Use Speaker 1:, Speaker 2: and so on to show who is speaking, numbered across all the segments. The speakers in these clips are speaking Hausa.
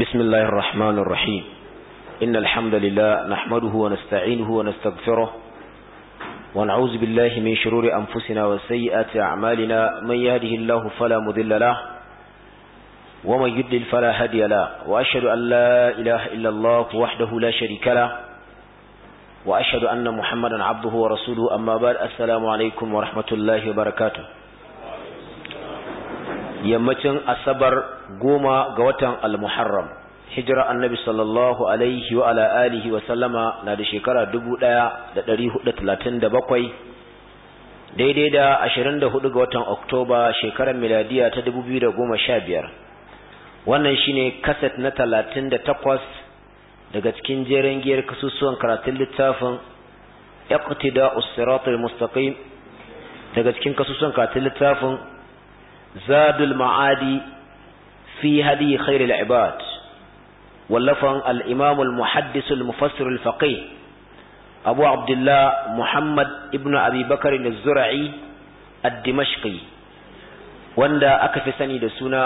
Speaker 1: بسم الله الرحمن الرحيم إن الحمد لله نحمده ونستعينه ونستغفره ونعوذ بالله من شرور أنفسنا وسيئات أعمالنا من يهده الله فلا مذل له ومن يدل فلا هدي له وأشهد أن لا إله إلا الله وحده لا شريك له وأشهد أن محمدا عبده ورسوله أما بعد السلام عليكم ورحمة الله وبركاته yammacin asabar goma ga watan al-muharram hijira annabi sallallahu alaihi wa ala alihi wa sallama na da shekara 1437 daidai da 24 ga watan oktoba shekarar miladiya ta 2015 wannan shine kaset na 38 daga cikin jeren giyar kasusuwan karatun littafin da siratal mustaqim daga cikin kasusuwan karatun littafin zadul ma'adi fi hadi khairul ibad wallafan al-imam al-muhaddis al-mufassir al-faqih abu abdullah muhammad Ibnu abi bakar al-zura'i ad wanda aka fi sani da suna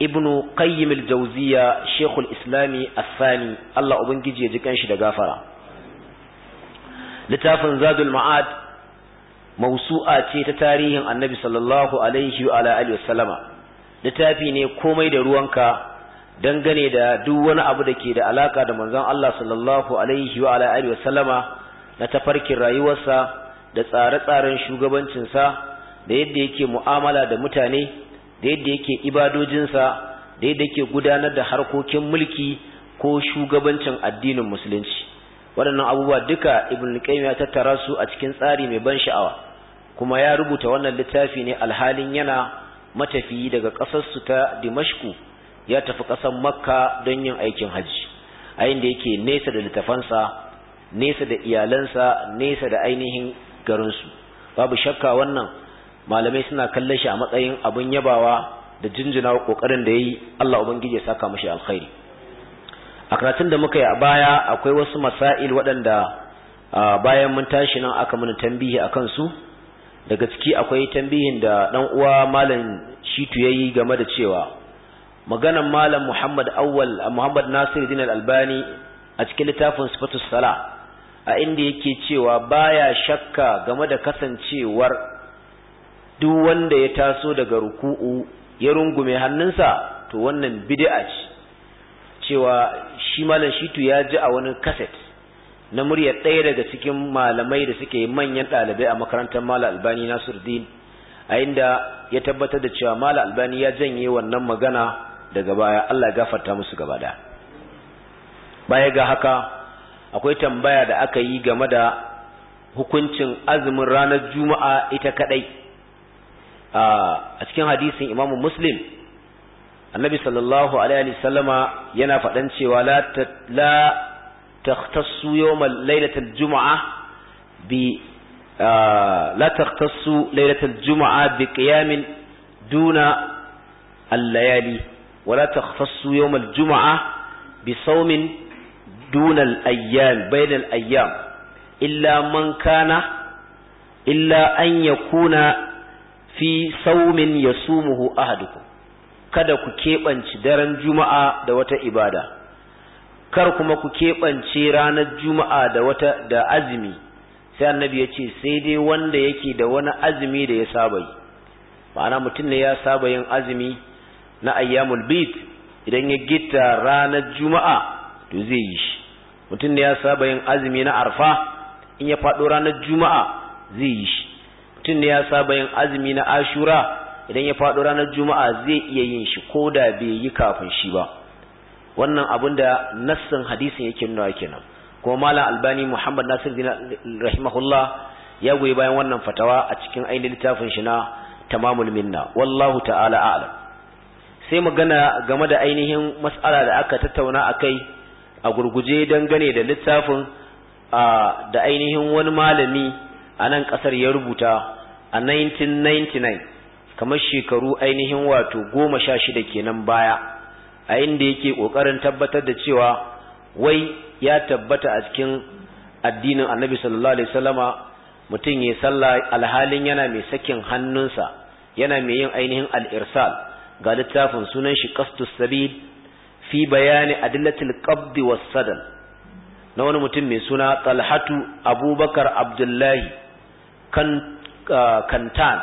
Speaker 1: Ibnu Kayyimil al-jawziya shaykh al-islam Allah ubangiji ya ji kanshi da gafara littafin zadul ma'ad mausu'a ce ta tarihin annabi sallallahu alaihi wa alihi wasallama littafi ne komai da ruwanka dangane da duk wani abu da ke da alaka da manzon Allah sallallahu alaihi wa alihi wasallama na tafarkin rayuwarsa da tsare-tsaren shugabancinsa da yadda yake mu'amala da mutane da yadda yake ibadojinsa da yadda yake gudanar da harkokin mulki ko shugabancin addinin musulunci waɗannan abubuwa duka ibn qayyim ya tattara su a cikin tsari mai ban sha'awa kuma ya rubuta wannan littafi ne alhalin yana matafiyi daga ƙasarsu ta dimashku ya tafi ƙasar makka don yin aikin hajji a inda yake nesa da littafansa nesa da iyalansa nesa da ainihin garinsu babu shakka wannan malamai suna kallon shi a matsayin abin yabawa da jinjina kokarin da yayi Allah ubangiji ya saka mashi alkhairi a karatun da muka yi a baya akwai wasu masail waɗanda bayan mun tashi nan aka mana tambihi akan su daga ciki akwai tambihin da dan uwa malam shitu yayi game da cewa maganan malam Muhammad Awwal Muhammad Nasiruddin Al-Albani a cikin littafin Sifatus Salah a inda yake cewa baya shakka game da kasancewar duk wanda ya taso daga ruku'u ya rungume hannunsa to wannan bid'a ce cewa shi malam shitu ya ji a wani kaset na murya ɗaya daga cikin malamai da suke manyan ɗalibai a makarantar mala albani nasiruddin a inda ya tabbatar da cewa mala albani ya janye wannan magana daga baya allah gafarta musu gaba ɗaya baya ga haka akwai tambaya da aka yi game da hukuncin azumin ranar juma'a ita kaɗai a cikin hadisin imamu muslim annabi sallallahu alaihi wasallama yana faɗan cewa la تختص يوم ليلة الجمعة ب آه لا تختص ليلة الجمعة بقيام دون الليالي ولا تختص يوم الجمعة بصوم دون الأيام بين الأيام إلا من كان إلا أن يكون fi saumin ya sumuhu ahadukum kada ku keɓanci daren juma'a da wata ibada kar kuma ku keɓance ranar juma'a da wata da azumi sai annabi ya ce sai dai wanda yake da wani azumi da ya saba yi ma'ana mutum ne ya saba yin azumi na ayyamul bid idan ya gitta ranar juma'a to zai yi shi mutum ne ya saba yin azumi na arfa in ya faɗo ranar juma'a zai yi shi mutum ne ya saba yin azumi na ashura idan ya faɗo ranar juma'a zai iya yin shi ko da bai yi kafin shi ba wannan abin da nassin hadisin yake nuna kenan kuma malam albani muhammad nasir bin rahimahullah ya goyi bayan wannan fatawa a cikin ainihin littafin shi na tamamul minna wallahu ta'ala a'lam sai magana game da ainihin mas'ala da aka tattauna akai a gurguje dangane da littafin da ainihin wani malami a nan kasar ya rubuta a 1999 kamar shekaru ainihin wato goma sha shida kenan baya a inda yake kokarin tabbatar da cewa wai ya tabbata a cikin addinin Annabi sallallahu alaihi wasallama mutum ya sallah alhalin yana mai sakin hannunsa yana mai yin ainihin al ga littafin sunan shi qasdus sabil fi bayani adillatil qabd was sadal na wani mutum mai suna Talhatu Abubakar Abdullahi kan ah, kantan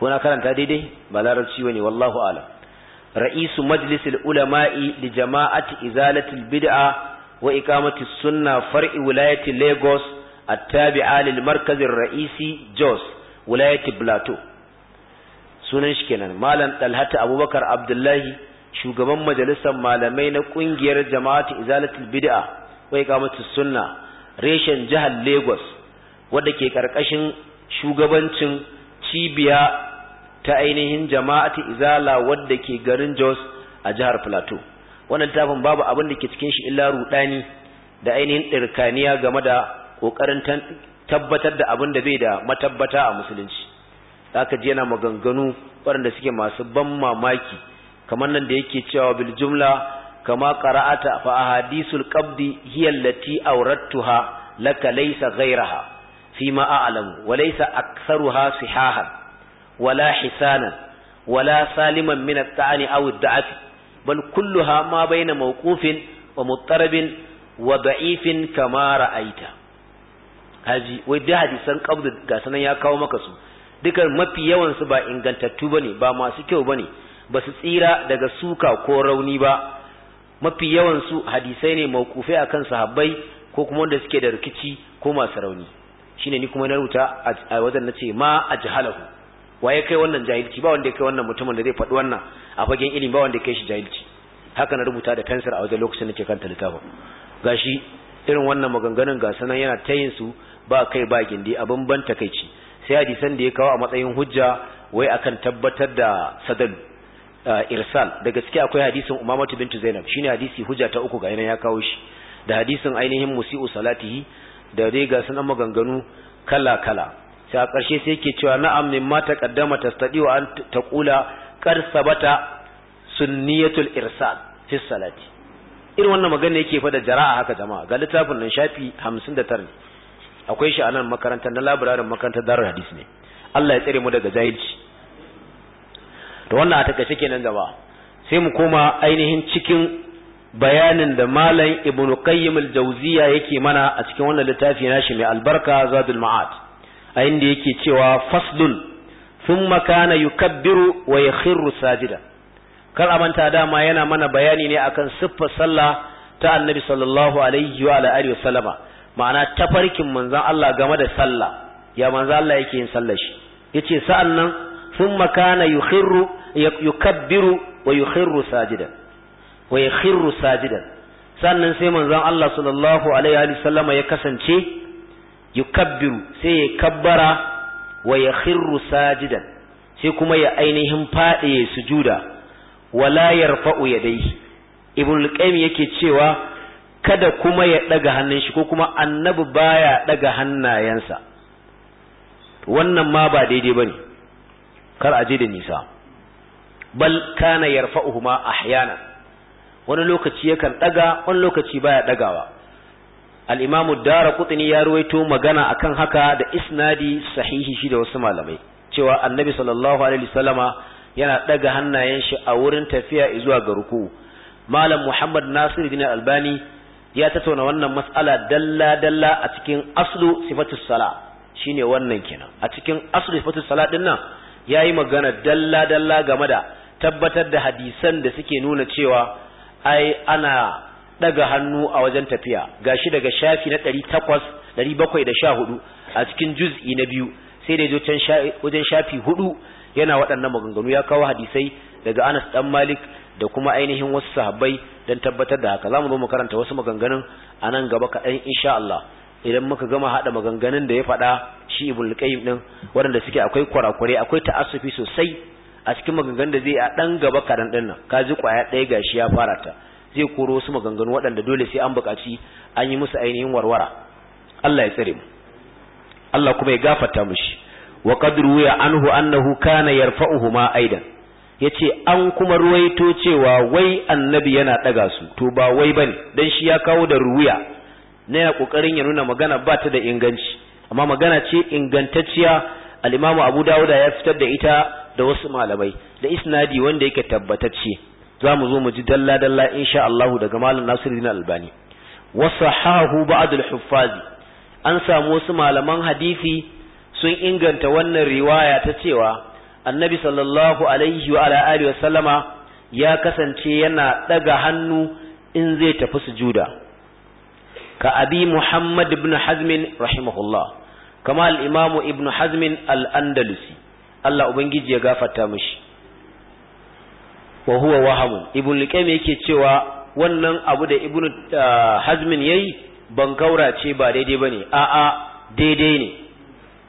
Speaker 1: ko karanta daidai ba larabci wallahu a'lam ra'isu majalisar ulama'i li jama'ati izalatil bid'a wa iqamati sunna far'i wulayati Lagos a lil markazir ra'isi Jos wulayati Plateau sunan shi kenan malam Talhata Abubakar Abdullahi shugaban majalisar malamai na kungiyar jama'ati izalatul bid'a wa iqamati sunna reshen jihar Lagos wadda ke karkashin shugabancin cibiya ta ainihin jama'ati izala wadda ke garin Jos a jihar Plateau wannan littafin babu abin da ke cikin shi illa rudani da ainihin ɗirkaniya game da ƙoƙarin tabbatar da abin da bai da matabbata a musulunci ka ji yana maganganu waɗanda suke masu ban mamaki kamar nan da yake cewa bil jumla kama qara'ata fa ahadisul qabdi hiya allati awrattuha laka laysa ghayraha fima a'lamu wa laysa aktharuha sihahan wala hisanan wala saliman min at-ta'ani aw ad-da'af bal kulluha ma bayna mawqufin wa muttarabin wa da'ifin kama ra'aita haji wai da hadisan qabd ga ya kawo maka su duka mafi yawansu ba ingantattu bane ba masu kyau bane ba su tsira daga suka ko rauni ba mafi yawan su hadisai ne mawqufai akan sahabbai ko kuma wanda suke da rikici ko masu rauni shine ni kuma na rubuta a wajen ce ma ajhalahu Wa ya kai wannan jahilci ba wanda ya kai wannan mutumin da zai faɗi wannan a fagen ilimi ba wanda ya kai shi jahilci haka na rubuta da fensir a wajen lokacin da nake kanta littafin gashi irin wannan maganganun ga sanan yana tayin su ba kai ba gindi a ban takaici sai hadisan da ya kawo a matsayin hujja wai akan tabbatar da sadal eh, irsal da gaske akwai hadisin umamatu bintu zainab shine hadisi hujja ta uku ga yana ya kawo shi da hadisin ainihin musi'u salatihi da dai ga sanan maganganu kala kala ta a ƙarshe sai yake cewa na'am mimma taqaddama wa an taqula kar sabata sunniyatul irsal fi salati irin wannan magana yake fa da jara'a haka jama'a ga littafin nan shafi 59 ne akwai shi a nan makarantar na labirarin makarantar darul hadis ne Allah ya tsare mu daga jahilci to wannan a takaice kenan jama'a sai mu koma ainihin cikin bayanin da malam ibnu qayyim al-jawziya yake mana a cikin wannan littafi nashi mai albarka zadul ma'ad a inda yake cewa faslun makana kana yukabbiru wa ya khirru sajida kar a manta dama yana mana bayani ne akan siffar sallah ta annabi sallallahu alaihi wa alihi wa sallama ma'ana tafarkin manzon Allah game da sallah ya manzon Allah yake yin sallar shi yace nan sun makana yukhirru yukabbiru wa yukhirru sajida wa ya khirru sajida sannan sai manzon Allah sallallahu alaihi wa sallama ya kasance yukabbiru sai ya kabbara wa ya khirru sajidan sai kuma ya ainihin faɗi ya sujuda wala yarfa'u yadayhi ibn al-qayyim yake cewa kada kuma ya daga hannun shi ko kuma annabi baya daga hannayensa wannan ma ba daidai bane kar a je da nisa bal kana yarfa'uhuma ahyana wani lokaci yakan daga wani lokaci baya dagawa al-imam ad-darqutni ya ruwaito magana akan haka da isnadi sahihi shi da wasu malamai cewa annabi sallallahu alaihi wasallama yana daga hannayen shi a wurin tafiya zuwa ga ruku malam muhammad nasir bin albani ya tattauna wannan mas'ala dalla dalla a cikin aslu sifatus sala shine wannan kenan a cikin aslu sifatus sala din nan yayi magana dalla dalla game da tabbatar da hadisan da suke nuna cewa ai ana daga hannu a wajen tafiya gashi daga shafi na sha hudu a cikin juz'i na biyu sai da can wajen shafi hudu yana waɗannan maganganu ya kawo hadisai daga Anas ɗan Malik da kuma ainihin wasu sahabbai don tabbatar da haka zamu zo mu karanta wasu maganganun a nan gaba kaɗan insha Allah idan muka gama haɗa maganganun da ya faɗa shi ibn qayyim din waɗanda suke akwai kwarakure akwai ta'asufi sosai a cikin maganganun da zai a ɗan gaba kaɗan ɗin nan ka ji ƙwaya ɗaya gashi ya fara ta zai koro wasu maganganu waɗanda dole sai an buƙaci an yi musu ainihin warwara Allah ya tsare mu Allah kuma ya gafarta mushi wa qadru ya anhu annahu kana yarfa'uhuma aidan yace an kuma ruwaito cewa wai annabi yana daga su to ba wai bane dan shi ya kawo da ruwaya na ya kokarin ya nuna magana ba ta da inganci amma magana ce ingantacciya al-Imam Abu Dawud ya fitar da ita da wasu malamai da isnadi wanda yake tabbatacce za mu zo mu ji dalla dalla insha Allah daga malam Nasiruddin Albani Wasu ba'd al-huffazi an samu wasu malaman hadisi sun inganta wannan riwaya ta cewa annabi sallallahu alaihi wa ala alihi wasallama ya kasance yana daga hannu in zai tafi sujuda ka abi muhammad ibn Hazmin rahimahullah kama al-imamu ibn Hazmin al-andalusi Allah ubangiji ya gafarta mishi wa huwa wahamun ibn liqaym yake cewa wannan abu da ibn uh, hazmin yayi kaura ce ba daidai bane a'a daidai ne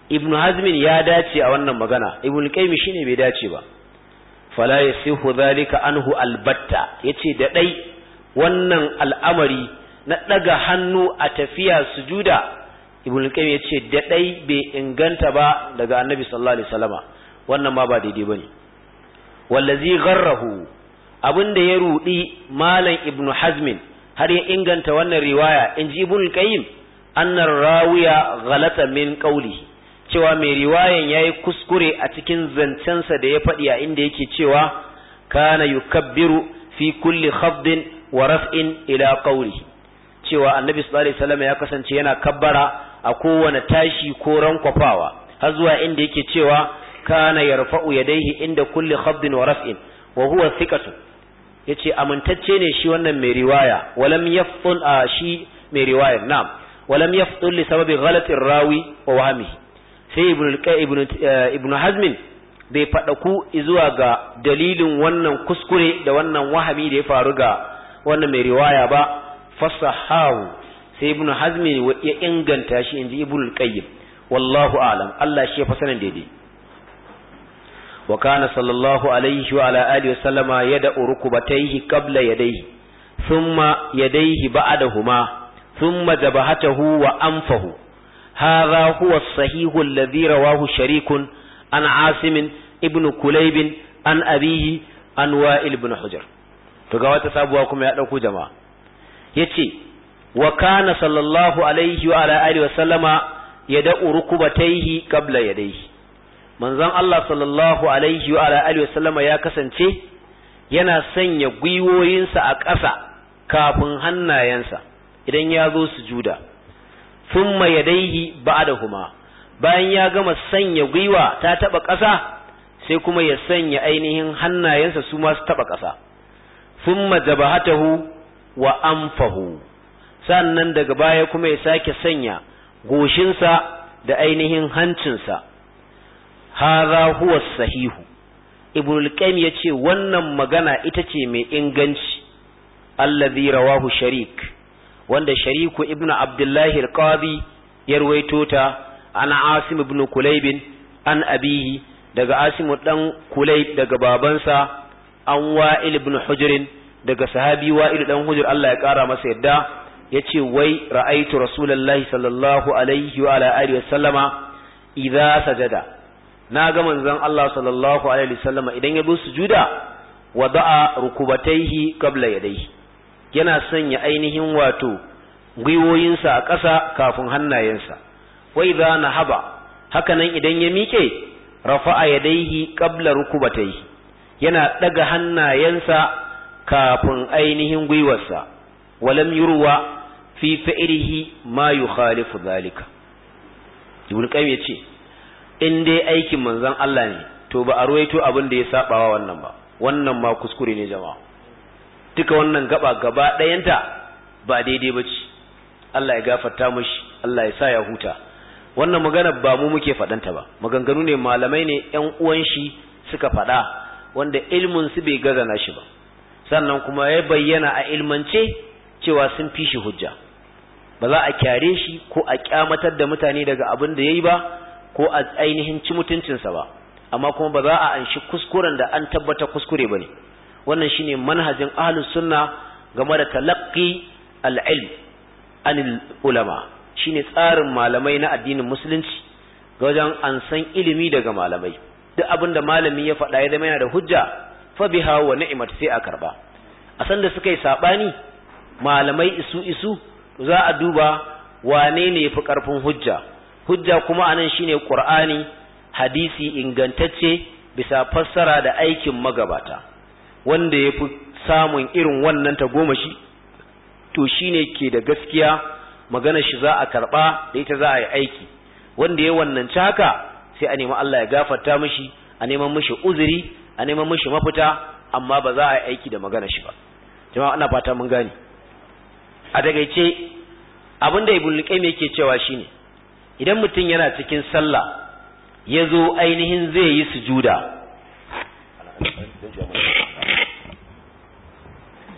Speaker 1: ibn hazmin ya dace a wannan magana ibn liqaym shine bai dace ba fala yasihu dhalika anhu albatta yace da dai wannan al'amari na daga hannu a tafiya sujuda ibn liqaym yace da dai bai inganta ba daga annabi sallallahu alaihi wasallama wannan ma ba daidai bane wallazi gharrahu abin da ya rudi malam ibnu hazmin har ya inganta wannan riwaya in ji ibnu qayyim annar rawiya ghalata min qawli cewa mai riwayan yayi kuskure a cikin zancensa da ya faɗi a inda yake cewa kana yukabbiru fi kulli khafdin wa raf'in ila qawli cewa annabi sallallahu alaihi wasallam ya kasance yana kabbara a kowane tashi ko rankwafawa har zuwa inda yake cewa kana ya daihi inda kulle khaddin wa raf'in wa huwa thiqatu yace amintacce ne shi wannan mai riwaya walam yaftul a shi mai riwayar na'am walam yaftul li sababi ghalatir rawi wa wahmihi sai ibn ibn eh, ibn hazm bai fadaku zuwa ga dalilin wannan kuskure da wannan wahami da ya faru ga wannan mai riwaya ba fasahahu sai ibn ya inganta shi inji ibn qayyim wallahu a'lam Allah shi ya sanin daidai وكان صلى الله عليه وعلى آله وسلم يدأ ركبتيه قبل يديه ثم يديه بعدهما ثم ذبحته وأنفه هذا هو الصحيح الذي رواه شريك عن عاصم ابن كليب عن أبيه عن وائل بن حجر فقوات سابواكم يا أدوكو جماعة يتي وكان صلى الله عليه وعلى آله وسلم يدأ ركبتيه قبل يديه manzon Allah sallallahu alaihi wa alihi wasallama ya kasance yana sanya gwiwoyinsa a ƙasa kafin hannayensa idan ya zo sujuda thumma da huma bayan ya gama sanya gwiwa ta taba ƙasa sai kuma ya sanya ainihin hannayensa su ma su taba ƙasa thumma jabahatahu wa anfahu sannan daga baya kuma ya sake sanya goshinsa da ainihin hancinsa hadha huwa sahihu ibnul qayyim yace wannan magana ita ce mai inganci allazi rawahu sharik wanda shariku ibnu abdullahi al-qadi ya ruwaito ta an asim ibn kulayb an abihi daga asim dan kulayb daga babansa an wa'il ibn hujr daga sahabi wa'il dan hujr Allah ya kara masa yadda yace wai ra'aitu rasulullahi sallallahu alaihi wa ala alihi wa sallama idza sajada na ga manzon Allah sallallahu alaihi wasallam idan ya bi sujuda wada'a rukubataihi qabla yadayhi yana sanya ainihin wato gwiwoyinsa a ƙasa kafin hannayensa wai za na haba nan idan ya miƙe rafa'a yadaihi qabla rukubataihi yana ɗaga hannayensa kafin ainihin gwiwarsa walam yurwa fi fa'irihi ma yukhalifu zalika ibn qayyim yace in dai aikin manzon Allah ne to ba a ruwaito abin da ya saba wa wannan ba wannan ma kuskure ne jama'a duka wannan gaba gaba ɗayanta ba daidai ba ce Allah ya gafarta mushi Allah ya sa ya huta wannan magana ba mu muke faɗanta ba maganganu ne malamai ne ƴan uwan shi suka faɗa wanda ilmin su bai gazana shi ba sannan kuma ya bayyana a ilmance cewa sun fi shi hujja ba za a kyare shi ko a kyamatar da mutane daga abin da yayi ba ko a ainihin ci mutuncinsa ba amma kuma ba za a anshi kuskuren da an tabbata kuskure ba ne wannan shine manhajin ahlus sunna game da talaqqi al-ilm ulama shine tsarin malamai na addinin musulunci ga wajen an san ilimi daga malamai duk abin da malami ya faɗa ya zama yana da hujja fa biha wa ni'mat sai a karba a san da suka yi sabani malamai isu isu za a duba wane ne yafi karfin hujja hujja kuma a anan shine qur'ani hadisi ingantacce bisa fassara da aikin magabata wanda ya fi samun irin wannan ta goma shi, to shine ke da gaskiya magana shi za a karba da ita za a yi aiki wanda ya wannan haka sai a nemi Allah ya gafarta mishi a neman mishi uzuri a neman mishi mafita amma ba za a yi aiki da magana shi ba jama'a ina fata mun gane a dagaice abinda ibn qayyim yake cewa shine idan mutum yana cikin sallah ya zo ainihin zai yi sujuda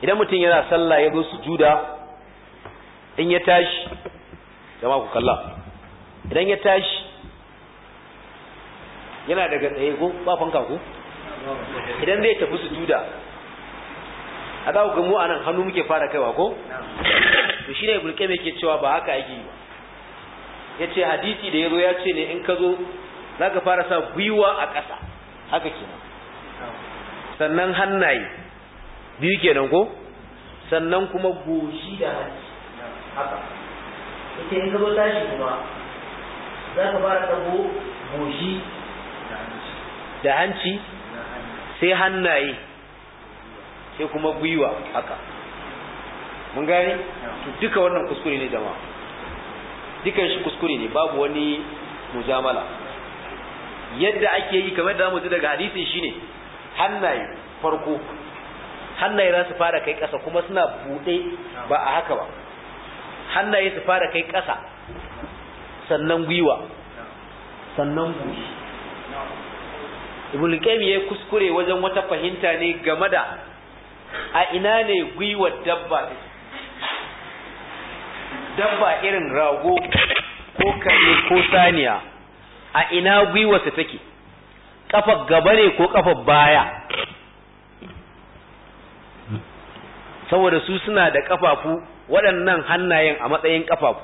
Speaker 1: idan mutum yana sallah ya zo sujuda in ya tashi jama ku kalla idan ya tashi yana daga tsaye ko ba fanka ko idan zai tafi sujuda a za ku ga mu anan hannu muke fara kaiwa ko to ne gulke mai ke cewa ba haka ake yi ba ya ce hadisi da ya zo ya ce ne in ka zo za ka fara sa gwiwa a ƙasa haka ke sannan hannaye biyu kenan ko sannan kuma goshi da hanci haka ita in ka zo tashi kuma za ka fara ɗago goshi da hanci sai hannaye sai kuma gwiwa haka mun gane duka wannan kuskure ne jama'a dukan shi kuskure ne babu wani mujamala yadda ake yi kamar da mu ji daga hadisin shine hannaye farko hannaye za su fara kai ƙasa kuma suna buɗe ba a haka ba hannaye su fara kai ƙasa sannan gwiwa sannan gushi ibn qayyim ya kuskure wajen wata fahimta ne game da a ina ne gwiwar dabba dabba irin rago ko kare ko saniya a ina gwiwarsa take kafar gaba ne ko kafar baya saboda su suna da kafafu waɗannan hannayen a matsayin kafafu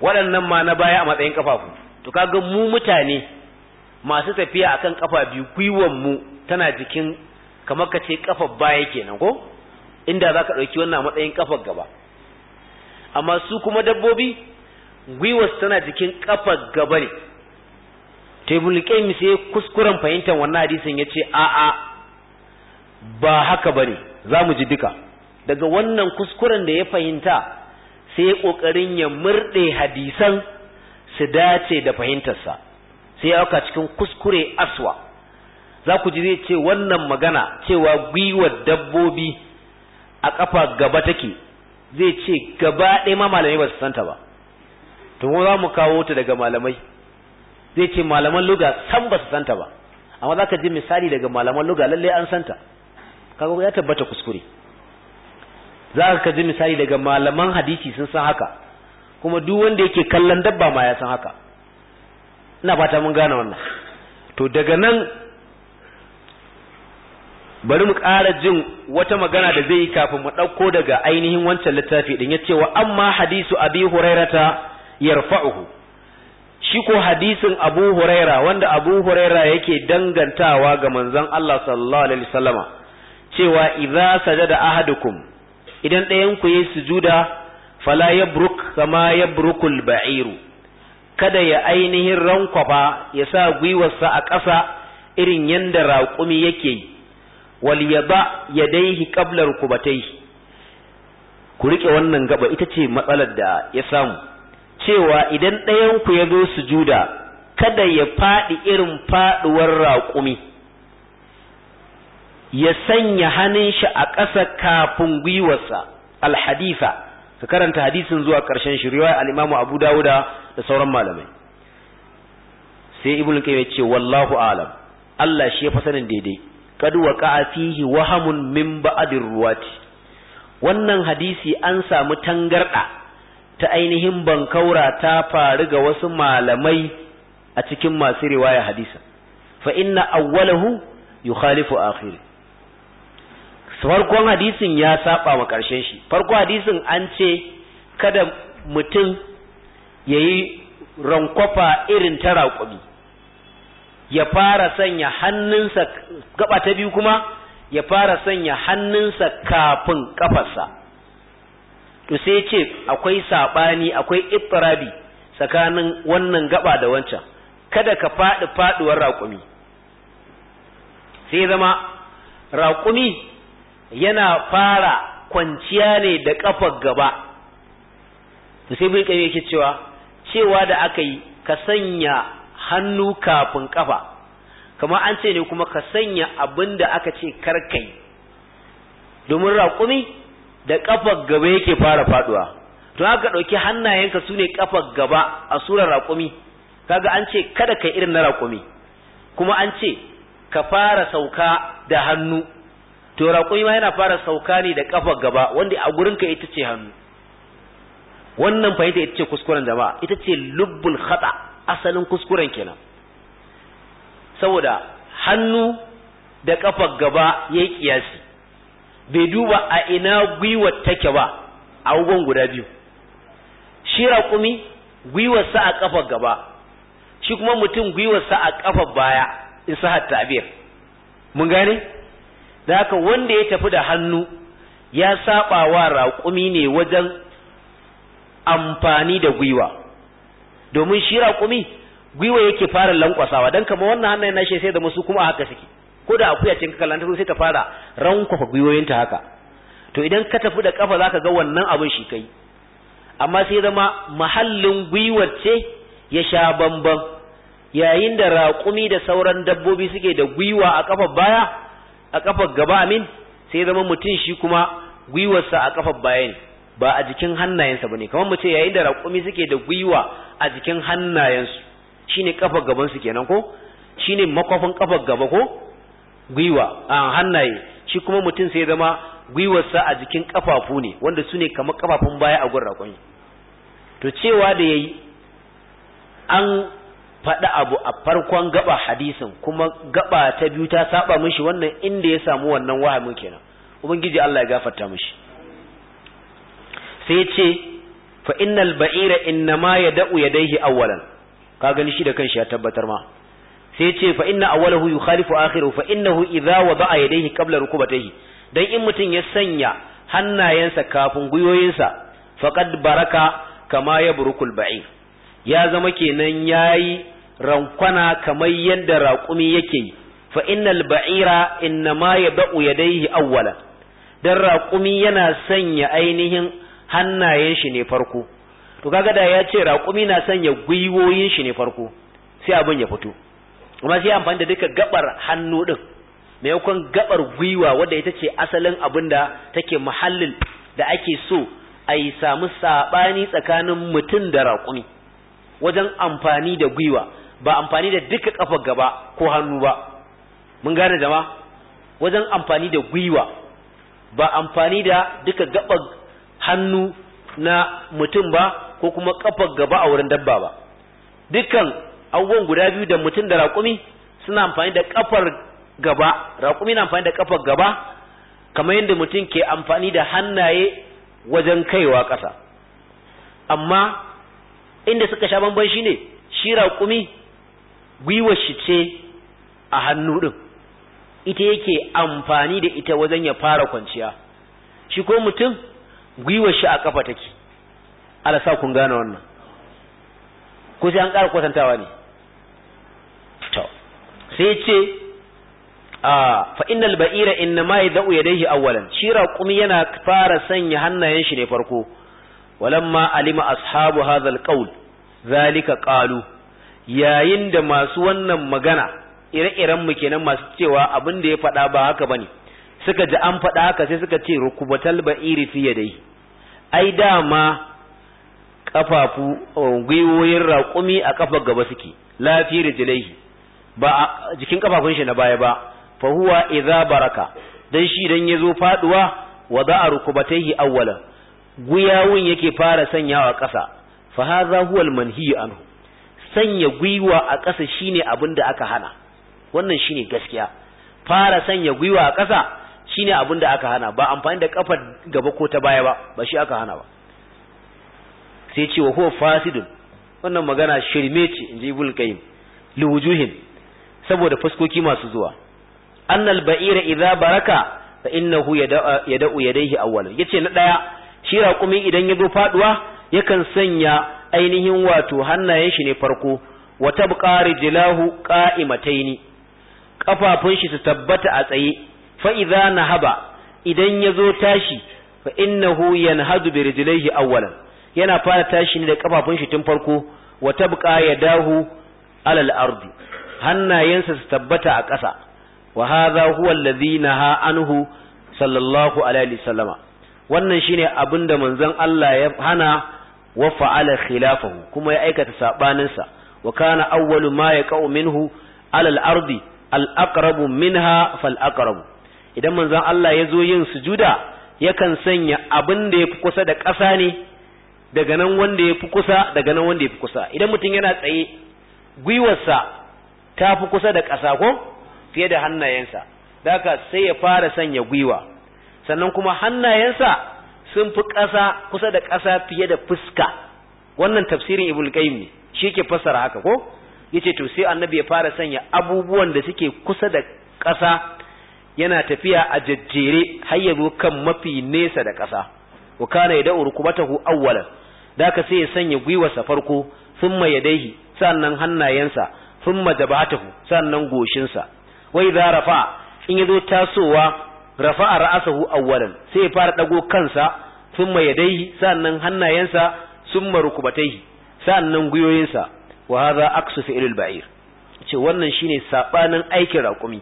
Speaker 1: waɗannan ma na baya a matsayin kafafu to kaga mu mutane masu tafiya akan kafa biyu gwiwar mu tana jikin kamar ka ce kafar baya kenan ko inda zaka ɗauki wannan matsayin kafar gaba amma su kuma dabbobi gwiwarsu tana jikin kafa gaba ne tebul qayyim sai kuskuren fahimtar wannan hadisin yace a a ba haka ba ne za mu ji duka daga wannan kuskuren da ya fahimta sai ya kokarin ya murɗe hadisan su dace da fahimtarsa sai ya auka cikin kuskure aswa za ku ji zai ce wannan magana cewa gwiwar dabbobi a kafa gaba take zai ce gaba ɗaya ma malamai ba su santa ba to mu za mu kawo ta daga malamai zai ce malaman luga san ba su santa ba amma za ka ji misali daga malaman luga lallai an santa kaga ya tabbata kuskure za ka ji misali daga malaman hadisi sun san haka kuma duk wanda yake kallon dabba ma ya san haka ina fata mun gane wannan to daga nan bari mu ƙara jin wata magana da zai yi kafin mu ɗauko daga ainihin wancan littafi ɗin ya ce wa amma hadisu abi hurairata yarfa'uhu shi ko hadisin abu huraira wanda abu huraira yake dangantawa ga manzon Allah sallallahu alaihi wasallama cewa idza sajada ahadukum idan ɗayan ku yi sujuda fala yabruk kama yabrukul ba'iru kada ya ainihin rankwafa ya sa gwiwarsa a ƙasa irin yanda raƙumi yake yi wal yaba yadayhi qabla rukubatayhi ku rike wannan gaba ita ce matsalar da ya samu cewa idan ɗayan ku ya zo sujuda kada ya faɗi irin faɗuwar raƙumi ya sanya hannun shi a ƙasa kafin gwiwarsa alhadifa ka karanta hadisin zuwa ƙarshen shi riwaya al Abu Dawuda da sauran malamai sai ibulun ya ce wallahu alam Allah shi ya fa sanin daidai kad waqa fihi wahamun min ba'dir ruwati wannan hadisi an samu tangarda ta ainihin bankaura ta faru ga wasu malamai a cikin masu riwaya hadisa fa inna awwalahu yukhalifu akhir farkon hadisin ya saba wa karshen shi farko hadisin an ce kada mutum yayi rankwafa irin ta raƙumi ya fara sanya hannunsa gaba ta biyu kuma ya fara sanya hannunsa kafin kafarsa to sai ce akwai saɓani akwai ittirabi tsakanin wannan gaba da wancan kada ka faɗi faɗuwar raƙumi sai zama raƙumi yana fara kwanciya ne da ƙafar gaba to sai bai yake cewa cewa da aka yi ka sanya hannu kafin kafa kamar an ce ne kuma ka sanya abin da aka ce karkai domin raƙumi da ƙafar gaba yake fara faduwa to haka ɗauki hannayenka su ne ƙafar gaba a surar raƙumi kaga an ce kada ka irin na raƙumi kuma an ce ka fara sauka da hannu to raƙumi ma yana fara sauka ne da ƙafar gaba wanda a ka ita ce hannu wannan fahimta ita ce kuskuren jama'a ita ce lubbul khata asalin kuskuren kenan saboda hannu da kafar gaba yayi kiyasi bai duba a ina gwiwar take ba a ugon guda biyu shi raƙumi gwiwarsa a kafar gaba shi kuma mutum gwiwarsa a kafar baya in isa ta'bir mun gane da haka wanda ya tafi da hannu ya saba wa raƙumi ne wajen amfani da gwiwa domin shi raƙumi gwiwa yake fara lankwasawa dan kamar wannan hannayen nashi sai da musu kuma haka suke ko da akuya cin kallon ta sai ta fara rankwafa gwiwoyinta haka to idan ka tafi da kafa zaka ga wannan abin shi kai amma sai zama mahallin gwiwar ce ya sha bamban yayin da raƙumi da sauran dabbobi suke da gwiwa a kafar baya a kafar gaba amin sai zama mutum shi kuma gwiwarsa a kafar baya ne ba a jikin hannayensa ne kamar mu ce yayin da raƙumi suke da gwiwa a jikin hannayensu shine kafar gaban su kenan ko shine makofin kafar gaba ko gwiwa a hannaye shi kuma mutum sai zama gwiwarsa a jikin kafafu ne wanda su ne kamar kafafun baya a gurra to cewa da ya yi an faɗi abu a farkon gaba hadisin kuma gaba ta biyu ta saba mishi wannan inda ya samu wannan wahamin kenan ubangiji Allah ya gafarta mishi sai ce fa innal ba'ira innama yad'u yadayhi awwalan ka gani shi da kanshi ya tabbatar ma sai ce fa inna awwalahu yukhalifu akhiru fa innahu idha wada'a yadayhi qabla rukubatayhi dan in mutun ya sanya hannayensa kafin guyoyinsa faqad baraka kama yabrukul ba'ir ya zama kenan yayi rankwana kamar yadda raƙumi yake yi fa innal ba'ira innama yad'u yadayhi awwalan dan raƙumi yana sanya ainihin hannayen shi ne farko to kaga da ya ce raƙumi na sanya gwiwoyin shi ne farko sai abin ya fito amma sai amfani da duka gabar hannu din maimakon gabar gwiwa wadda ita ce asalin abin da take muhallin da ake so a yi samu saɓani tsakanin mutum da raƙumi wajen amfani da gwiwa ba amfani da duka ƙafar gaba ko hannu ba mun gane jama wajen amfani da gwiwa ba amfani da duka gabar hannu na mutum ba ko kuma kafar gaba a wurin dabba ba dukkan abubuwan guda biyu da mutum da raƙumi suna amfani da kafar gaba raƙumi na amfani da kafar gaba kamar yadda mutum ke amfani da hannaye wajen kaiwa ƙasa amma inda suka sha bamban shi ne shi raƙumi gwiwar shi ce a hannu ɗin ita yake amfani da ita wajen ya fara kwanciya shi ko mutum gwiwar shi a kafa take ala sa kun gane wannan ko sai an ƙara kwatantawa ne to sai ce a ah, fa innal ba'ira ma yad'u yadayhi awwalan shi raqumi yana fara sanya hannayen shi ne farko walamma alima ashabu hadha alqawl zalika qalu yayin da masu wannan magana ire-iren mu kenan masu cewa abin da ya faɗa ba haka bane suka ji an faɗa haka sai suka ce rukubatal ba'iri fi yadayhi ai dama kafafu gwiwoyin raƙumi a kafar gaba suke lafi rijlaihi ba a jikin kafafun shi na baya ba fa huwa idza baraka dan shi dan yazo faduwa wa da'a rukubatayhi awwalan guyawun yake fara sanyawa ƙasa fa hadha huwa almanhi anhu sanya gwiwa a ƙasa shine abinda aka hana wannan shine gaskiya fara sanya gwiwa a ƙasa shine abin da aka hana ba amfani da kafar gaba ko ta baya ba ba shi aka hana ba sai ce wa huwa fasidun wannan magana shirme ce inji ibul qayyim li wujuhin saboda fuskoki masu zuwa annal ba'ira idza baraka fa innahu yada'u yadayhi awwalan yace na daya shi raƙumi idan ya zo faduwa yakan sanya ainihin wato hannayen shi ne farko wa tabqa rijlahu qa'imataini kafafun shi su tabbata a tsaye Fa'iza na haba idan yazo tashi fa innahu yanhadu bi rijlaihi awwalan yana fara tashi ne da kafafun shi tun farko wa tabqa yadahu ala al-ardi hannayensa su tabbata a ƙasa wa hadha huwa alladhi naha anhu sallallahu alaihi wasallama wannan shine abinda manzon Allah ya hana wa fa'ala khilafahu kuma ya aikata saɓaninsa. wa kana awwalu ma yaqau minhu ala al-ardi al-aqrabu minha fal-aqrabu idan manzon Allah ya zo yin sujuda yakan sanya abin da ya fi kusa da ƙasa ne daga nan wanda ya fi kusa daga nan wanda ya fi kusa idan mutum yana tsaye gwiwarsa ta fi kusa da ƙasa ko fiye da hannayensa daka sai ya fara sanya gwiwa sannan kuma hannayensa sun fi ƙasa kusa da ƙasa fiye da fuska wannan tafsirin ibul qayyim ne shi ke fassara haka ko yace to sai annabi ya fara sanya abubuwan da suke kusa da ƙasa yana tafiya a jajjere har ya zo kan mafi nesa da ƙasa wa kana ya da'u rukubatahu awwalan da ka sai ya sanya gwiwarsa farko thumma yadayhi sannan hannayensa thumma jabatahu sannan goshinsa wa idza rafa in yazo tasowa rafa'a ra'asahu awwalan sai ya fara dago kansa thumma yadayhi sannan hannayensa thumma rukubatayhi sannan gwiwoyinsa wa hadha aksu fi'lil ba'ir ce wannan shine sabanin aikin raƙumi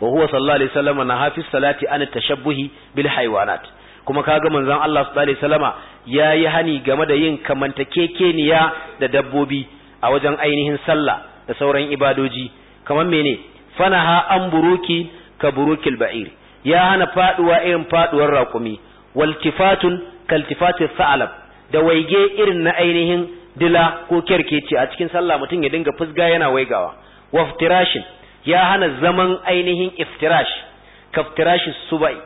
Speaker 1: wa huwa sallallahu alaihi wasallam na hafi salati an tashabbuhi bil haywanat kuma kaga manzon Allah sallallahu alaihi ya yi hani game da yin kamantakekeniya da dabbobi a wajen ainihin sallah da sauran ibadoji kamar mene fanaha an buruki ka burukil ba'ir ya hana faduwa irin faduwar raƙumi waltifatun kaltifatun sa'alab da waige irin na ainihin dila ko kerkeci a cikin sallah mutum ya dinga fusga yana waigawa waftirashin ya hana zaman ainihin iftirash kaftirashi subai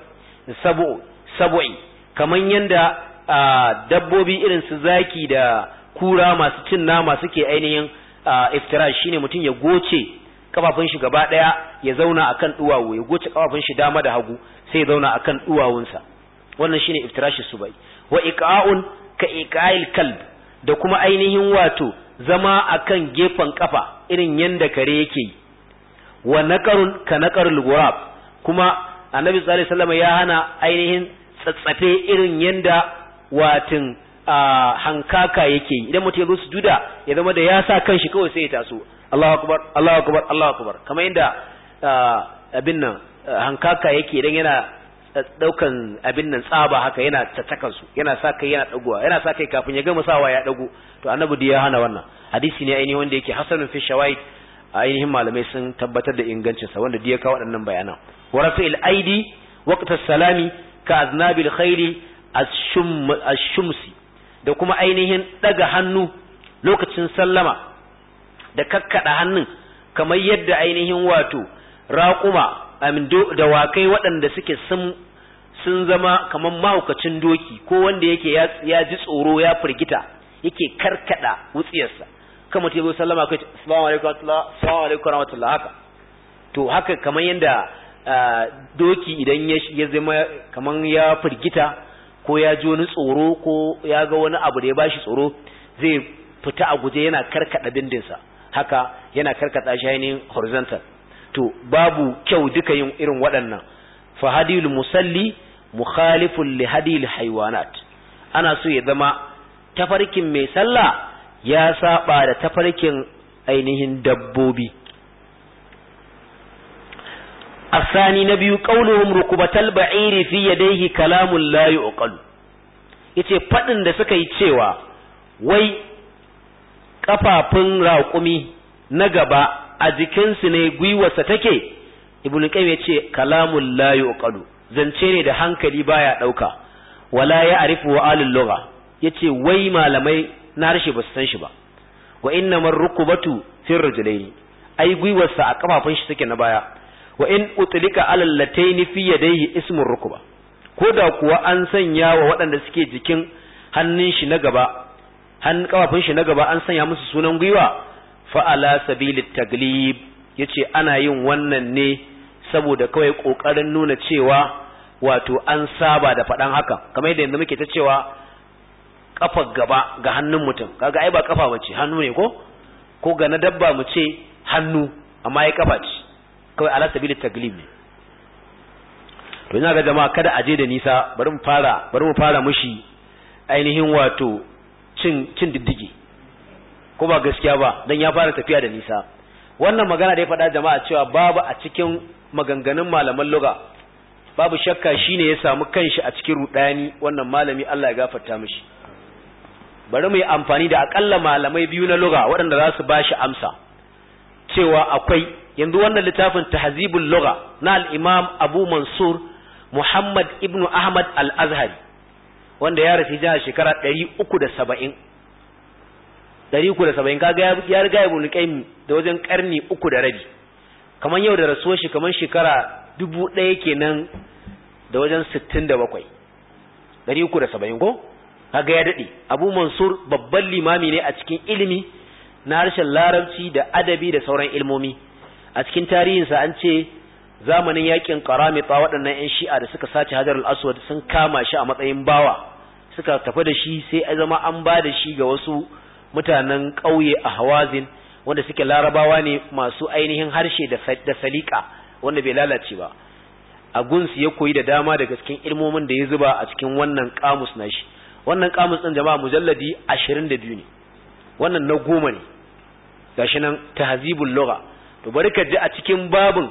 Speaker 1: sabu sabu'i kaman yanda dabbobi irin su zaki da kura masu cin nama suke ainihin iftirash shine mutum ya goce kafafun shi gaba daya ya zauna akan duwawu ya goce kafafun shi dama da hagu sai ya zauna akan duwawunsa wannan shine iftirashi subai wa iqa'un ka iqa'il kalb da kuma ainihin wato zama akan gefen kafa irin yanda kare yake yi wa naqarun ka naqarul ghurab kuma annabi sallallahu alaihi wasallam ya hana ainihin tsatsafe irin yanda watin hankaka yake idan mutum ya zo sujuda ya zama da ya sa kanshi kawai sai ya taso Allahu akbar Allahu akbar Allahu akbar kamar inda abin nan hankaka yake idan yana daukan abin nan tsaba haka yana tattakan su yana sa kai yana dagowa yana sa kai kafin ya gama sawa ya dago to annabi da ya hana wannan hadisi ne ainihin wanda yake hasanun fi shawaid ainihin malamai sun tabbatar da ingancinsa wanda da ya kawo waɗannan bayanan wa rafil aidi waqta salami ka aznabil khairi ash da kuma ainihin daga hannu lokacin sallama da kakkada hannun kamar yadda ainihin wato Raƙuma amin da wakai waɗanda suke sun zama kamar mahaukacin doki ko wanda yake ya ji tsoro ya firgita yake karkada wutsiyarsa kan mutum ya zo sallama kai salamu alaikum warahmatullahi alaikum warahmatullahi haka to haka kamar yanda ah, doki idan ya zama kamar ya firgita ko ya ji wani tsoro ko ya ga wani abu da ya bashi tsoro zai fita a guje yana karkada bindinsa haka yana karkada shi ainihin horizontal to babu kyau duka yin irin waɗannan fa musalli mukhalifun li haiwanat haywanat ana so ya zama tafarkin mai sallah ya saba da tafarkin ainihin dabbobi الثاني نبي قولهم ركبة البعير في يديه كلام لا يعقل yace fadin da suka yi cewa wai kafafun raƙumi na gaba a jikinsu ne gwiwarsa take ibnu qayyim yace kalamun la yuqalu zance ne da hankali baya dauka wala ya arifu wa alul lugha yace wai malamai na harshe ba su san shi ba wa inna man rukubatu fi rajulaini ai gwiwarsa a kafafun shi take na baya wa in utlika alal lataini fi yadayhi ismur rukuba ko da kuwa an sanya wa waɗanda suke jikin hannun shi na gaba hannun kafafun shi na gaba an sanya musu sunan gwiwa fa ala sabilit taglib yace ana yin wannan ne saboda kawai kokarin nuna cewa wato an saba da faɗan haka kamar yadda yanzu muke ta cewa kafar gaba ga hannun mutum kaga ai ba kafa bace hannu ne ko ko ga na dabba mu ce hannu amma ai kafa ce kawai ala sabili taglib ne to ina ga jama'a kada a je da nisa bari mu fara bari mu fara mushi ainihin wato cin cin diddigi ko ba gaskiya ba dan ya fara tafiya da nisa wannan magana da ya faɗa jama'a cewa babu a cikin maganganun malaman luga babu shakka shine ya samu kanshi a cikin rudani wannan malami Allah ya gafarta mishi bari mu yi amfani da akalla malamai biyu na lugha waɗanda za su bashi amsa cewa akwai yanzu wannan littafin tahzibul lugha na al-imam Abu Mansur Muhammad ibn Ahmad al-Azhari wanda ya rasu jihar shekara 370 370 kaga ya riga ibn Qayyim da wajen karni uku da rabi kamar yau da rasuwar shi kamar shekara dubu ɗaya kenan da wajen 67 370 ko kaga ya dade Abu Mansur babban limami ne a cikin ilimi na harshen larabci da adabi da sauran ilmomi a cikin tarihin sa an ce zamanin yakin karamita waɗannan 'yan shi'a da suka sace hajar al-aswad sun kama shi a matsayin bawa suka tafi da shi sai a zama an ba da shi ga wasu mutanen ƙauye a hawazin wanda suke larabawa ne masu ainihin harshe da salika wanda bai lalace ba a gunsu ya koyi da dama daga cikin ilmomin da ya zuba a cikin wannan kamus na shi. wannan kamus din jama'a mujalladi biyu ne wannan na goma ne shi nan hazibu lugha to bari ka ji a cikin babin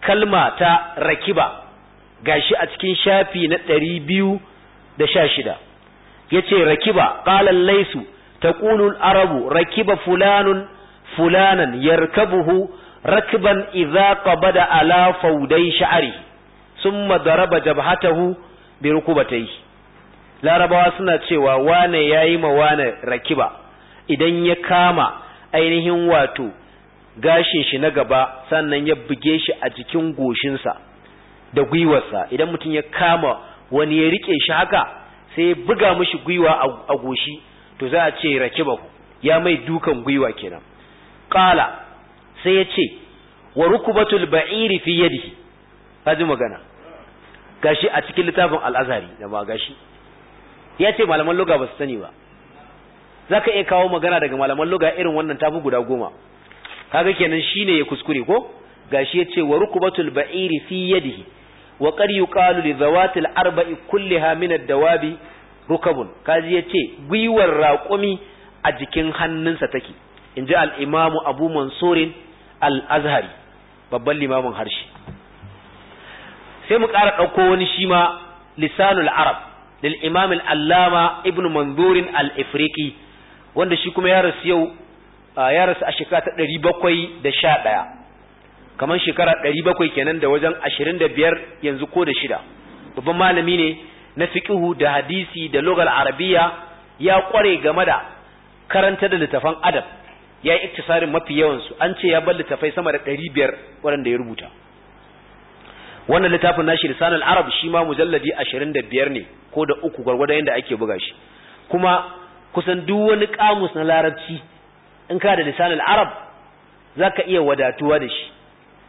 Speaker 1: kalma ta rakiba gashi a cikin shafi na ɗari biyu da sha shida. Ya ce rakiba ƙalan laisu ta ƙunun arabu rakiba fulanun fulanan yarkabuhu rakban idza da ala fawdai sha'ri thumma daraba jabhatahu bi rukubatayhi larabawa suna cewa wane ya yi ma wane rakiba idan ya kama ainihin wato gashin shi na gaba sannan ya buge shi a jikin goshinsa da gwiwarsa idan mutum ya kama wani ya rike shi haka sai ya buga mishi gwiwa a goshi to za a ce rakiba ya mai dukan gwiwa kenan Ƙala sai ya ce wa rukubatul ba'iri fi yadihi magana gashi a cikin littafin al'azari da ba ya ce malaman luga ba su sani ba za ka iya kawo magana daga malaman luga irin wannan tafi guda goma kaga kenan ne ya kuskure ko ga shi ya ce wa rukubatul ba'iri fi yadihi wa yi kalu li zawatil arba'i kulliha min dawabi rukabun kaji ya ce gwiwar raƙumi a jikin hannunsa take in ji al'imamu abu mansurin al babban limamin harshe sai mu ƙara ɗauko wani shi ma lisanul arab lil imam al-allama ibn manzur al-ifriqi wanda shi kuma ya rasu yau ya rasu a shekara ta ɗaya, kamar shekara 700 kenan da wajen 25 yanzu ko da shida babban malami ne na fiqhu da hadisi da lugal arabiya ya kware game da karanta da littafan adab ya yi mafi mafi yawansu an ce ya bar littafai sama da ɗari biyar waɗanda ya rubuta wannan littafin nashi lisanul arab shi ma mujalladi ashirin da biyar ne ko da uku gwargwadon yadda ake buga shi kuma kusan duk wani kamus na larabci in ka da lisanin arab zaka iya wadatuwa da shi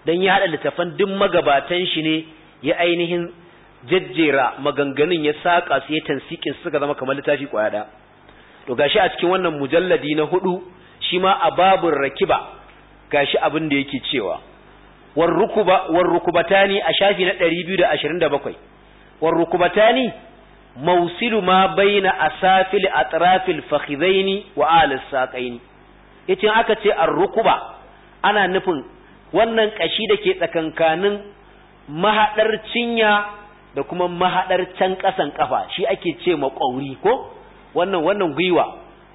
Speaker 1: dan ya hada littafan duk magabatan shi ne ya ainihin jajjera maganganun ya saƙa su ya tansikin suka zama kamar littafi kwada to gashi a cikin wannan mujalladi na hudu shi ma a babun rakiba gashi abin da yake cewa war rukuba war a shafi na 227 war rukubatani mausilu ma baina asafil atrafil الفخذين wa الساقين saqaini yace aka ce ar-rukuba ana nufin wannan kashi dake tsakankanin mahadar cinya da kuma mahadar can kasan kafa shi ake ce makwauri ko wannan wannan gwiwa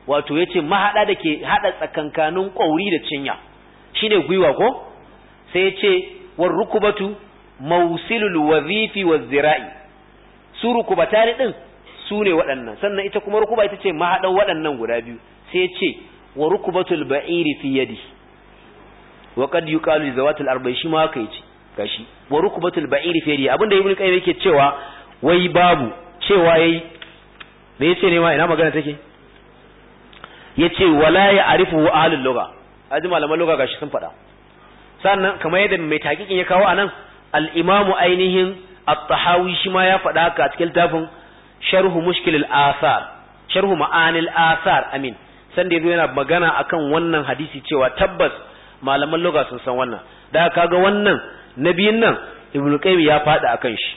Speaker 1: wato yace mahada dake haɗa tsakankanin kwauri da cinya shine gwiwa ko sai yace war rukubatu mausilul wazifi waz su rukuba tare din su ne waɗannan sannan ita kuma rukuba ita ce mahaɗan waɗannan guda biyu sai ya ce wa rukubatul ba'iri fi yadi wa kad yuqalu zawatul arba'i shi ma haka yace gashi wa rukubatul ba'iri fi yadi abinda ibnu qayyim yake cewa wai babu cewa yayi me yace ne ma ina magana take yace wala ya arifu ahlul lugha aji malaman lugha gashi sun faɗa sannan kamar yadda mai takikin ya kawo anan al-imamu ainihin at-tahawi shi ma ya faɗa haka a cikin tafin sharhu mushkil asar. sharhu ma'anil asar amin san da yana magana akan wannan hadisi cewa tabbas malaman lugha sun san wannan da kaga wannan nabiyin nan ibnu qayyim ya faɗa akan shi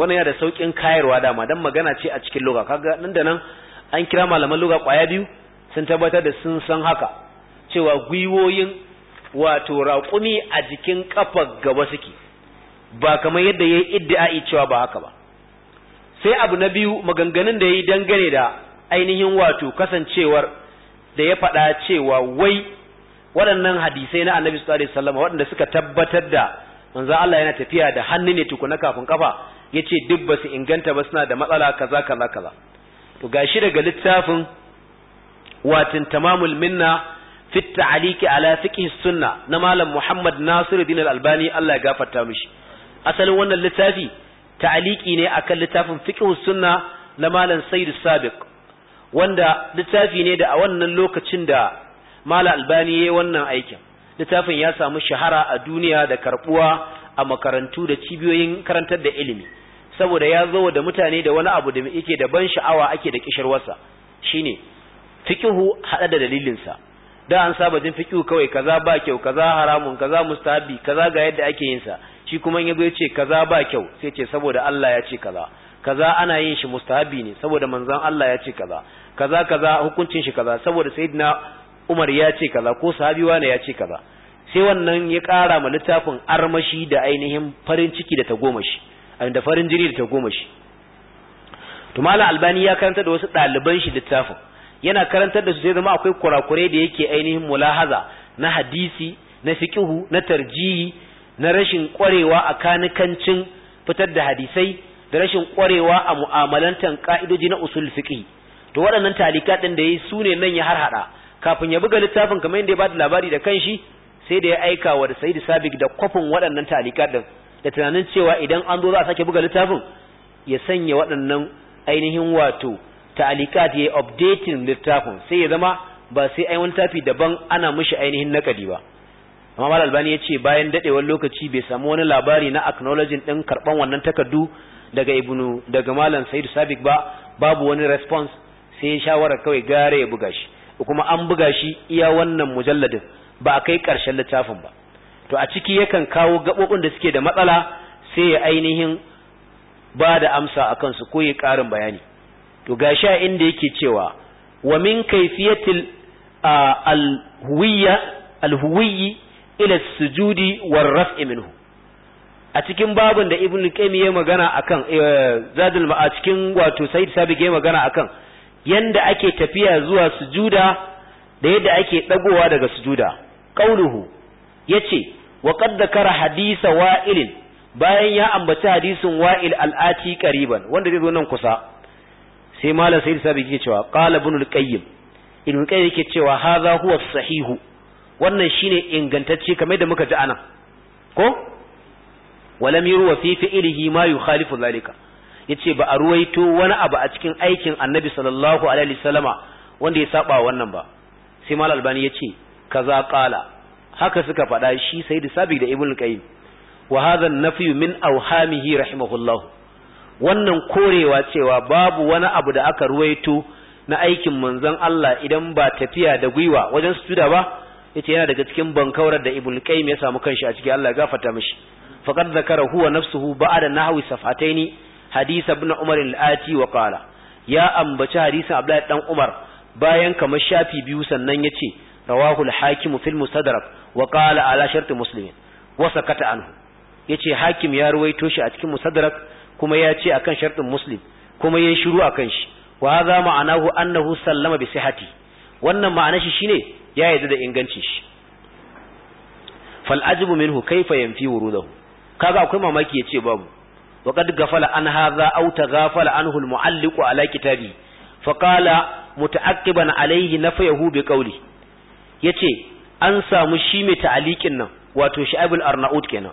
Speaker 1: wannan yana da saukin kayarwa dama dan magana ce a cikin lugha kaga nan da nan an kira malaman lugha kwaya biyu sun tabbatar da sun san haka cewa gwiwoyin wato raƙumi a jikin kafar gaba suke ba kamar yadda ya yi iddi'a'i cewa ba haka ba sai abu na biyu maganganun da ya yi dangane da ainihin wato kasancewar da ya faɗa cewa wai waɗannan hadisai na annabi sallallahu alaihi wasallam waɗanda suka tabbatar da manzo Allah yana tafiya da hannu ne tukuna kafin kafa yace duk ba su inganta ba suna da matsala kaza kaza kaza to gashi daga littafin watin tamamul minna fi ta'liqi ala fiqh sunna na malam Muhammad Nasiruddin Al-Albani Allah ya gafarta mishi asalin wannan littafi ta'aliki ne akan littafin fiqh sunna na malam sayyid sabiq wanda littafi ne da a wannan lokacin da malam albani yi wannan aikin littafin ya samu shahara a duniya da karbuwa a makarantu da cibiyoyin karantar da ilimi saboda ya zo da mutane da wani abu da yake da ban sha'awa ake da kishirwarsa shine fiƙihu hada da dalilinsa da an saba jin fiqh kawai kaza ba kyau kaza haramun kaza mustahabi kaza ga yadda ake yin sa shi kuma yazo ya ce kaza ba kyau sai ce saboda Allah ya ce kaza kaza ana yin shi mustahabi ne saboda manzon Allah ya ce kaza kaza kaza hukuncin shi kaza saboda sayyidina Umar ya ce kaza ko sahabi wani ya ce kaza sai wannan ya kara ma littafin armashi da ainihin farin ciki da tagomashi da farin jiri da tagomashi to malam albani ya karanta da wasu ɗaliban shi littafin yana karantar da su sai zama akwai kurakurai da yake ainihin mulahaza na hadisi na fiqhu na tarjihi na rashin ƙwarewa a kanikancin fitar da hadisai da rashin ƙwarewa a mu'amalantan ka'idoji na usul fiqh to waɗannan talika ɗin da yi su ne nan ya harhaɗa kafin ya buga littafin kamar yadda ya bada labari da kanshi sai da ya aika wa da Sayyid Sabiq da kofin waɗannan talika ɗin da tunanin cewa idan an zo za a sake buga littafin ya sanya waɗannan ainihin wato ta'alikat ya updating littafin sai ya zama ba sai ai wani tafi daban ana mishi ainihin nakadi ba amma mal albani ya ce bayan dadewar lokaci bai samu wani labari na acknowledging din karban wannan takardu daga ibnu daga malam sa'idu sabik ba babu wani response sai ya shawara kawai gare ya buga shi kuma an buga shi iya wannan mujalladin ba a kai karshen littafin ba to a ciki yakan kawo gabobin da suke da matsala sai ya ainihin ba da amsa a kansu ko ya karin bayani to gashi a inda yake cewa wa min kayfiyatil al alhuwiyyi ila sujudi war raf'i minhu a cikin babin da ibnu qayyim ya magana akan eh, zadul ma'a cikin wato sayyid sabiq ya magana akan yanda ake tafiya zuwa sujuda da yadda ake dagowa daga sujuda qauluhu yace wa qad dhakara hadisa wa'ilin bayan ya ambaci hadisin wa'il al-ati qariban wanda zai zo nan kusa sai malam Sayyid sabiq ya cewa qala ibnu qayyim ibnu qayyim yake cewa hadha huwa sahihu wannan shine ingantacce kamar da muka ji anan ko walam yurwa fi fi'lihi ma yukhalifu zalika yace ba a ruwaito wani abu a cikin aikin annabi sallallahu alaihi wasallama wanda ya saba wannan ba sai mal albani yace kaza qala haka suka faɗa shi sayyid sabi da ibnu qayyim wa hadha an-nafyu min awhamihi rahimahullah wannan korewa cewa babu wani abu da aka ruwaito na aikin manzon Allah idan ba tafiya da gwiwa wajen sujuda ba yace yana daga cikin bankaurar da ibnu qayyim ya samu kanshi a ciki Allah ya gafarta mishi faqad zakara huwa nafsuhu ba'da nahwi safataini hadith ibn umar al-ati wa qala ya ambaci hadisin abdullahi dan umar bayan kamar shafi biyu sannan yace rawahu al-hakim fil mustadrak wa qala ala shart muslim wa sakata anhu yace hakim ya ruwaito shi a cikin mustadrak kuma ya ce akan shartin muslim kuma yayin shiru akan shi wa hadha ma'anahu annahu sallama bi sihhati wannan ma'anar shi shine ya yadda da inganci shi fal ajibu minhu kaifa yanfi wurudahu kaga akwai mamaki yace babu wa qad ghafala an hadha aw taghafala anhu al ala kitabi fa qala muta'aqqiban alayhi nafayahu bi qawli yace an samu shi mai ta'alikin nan wato sha'ibul arnaud kenan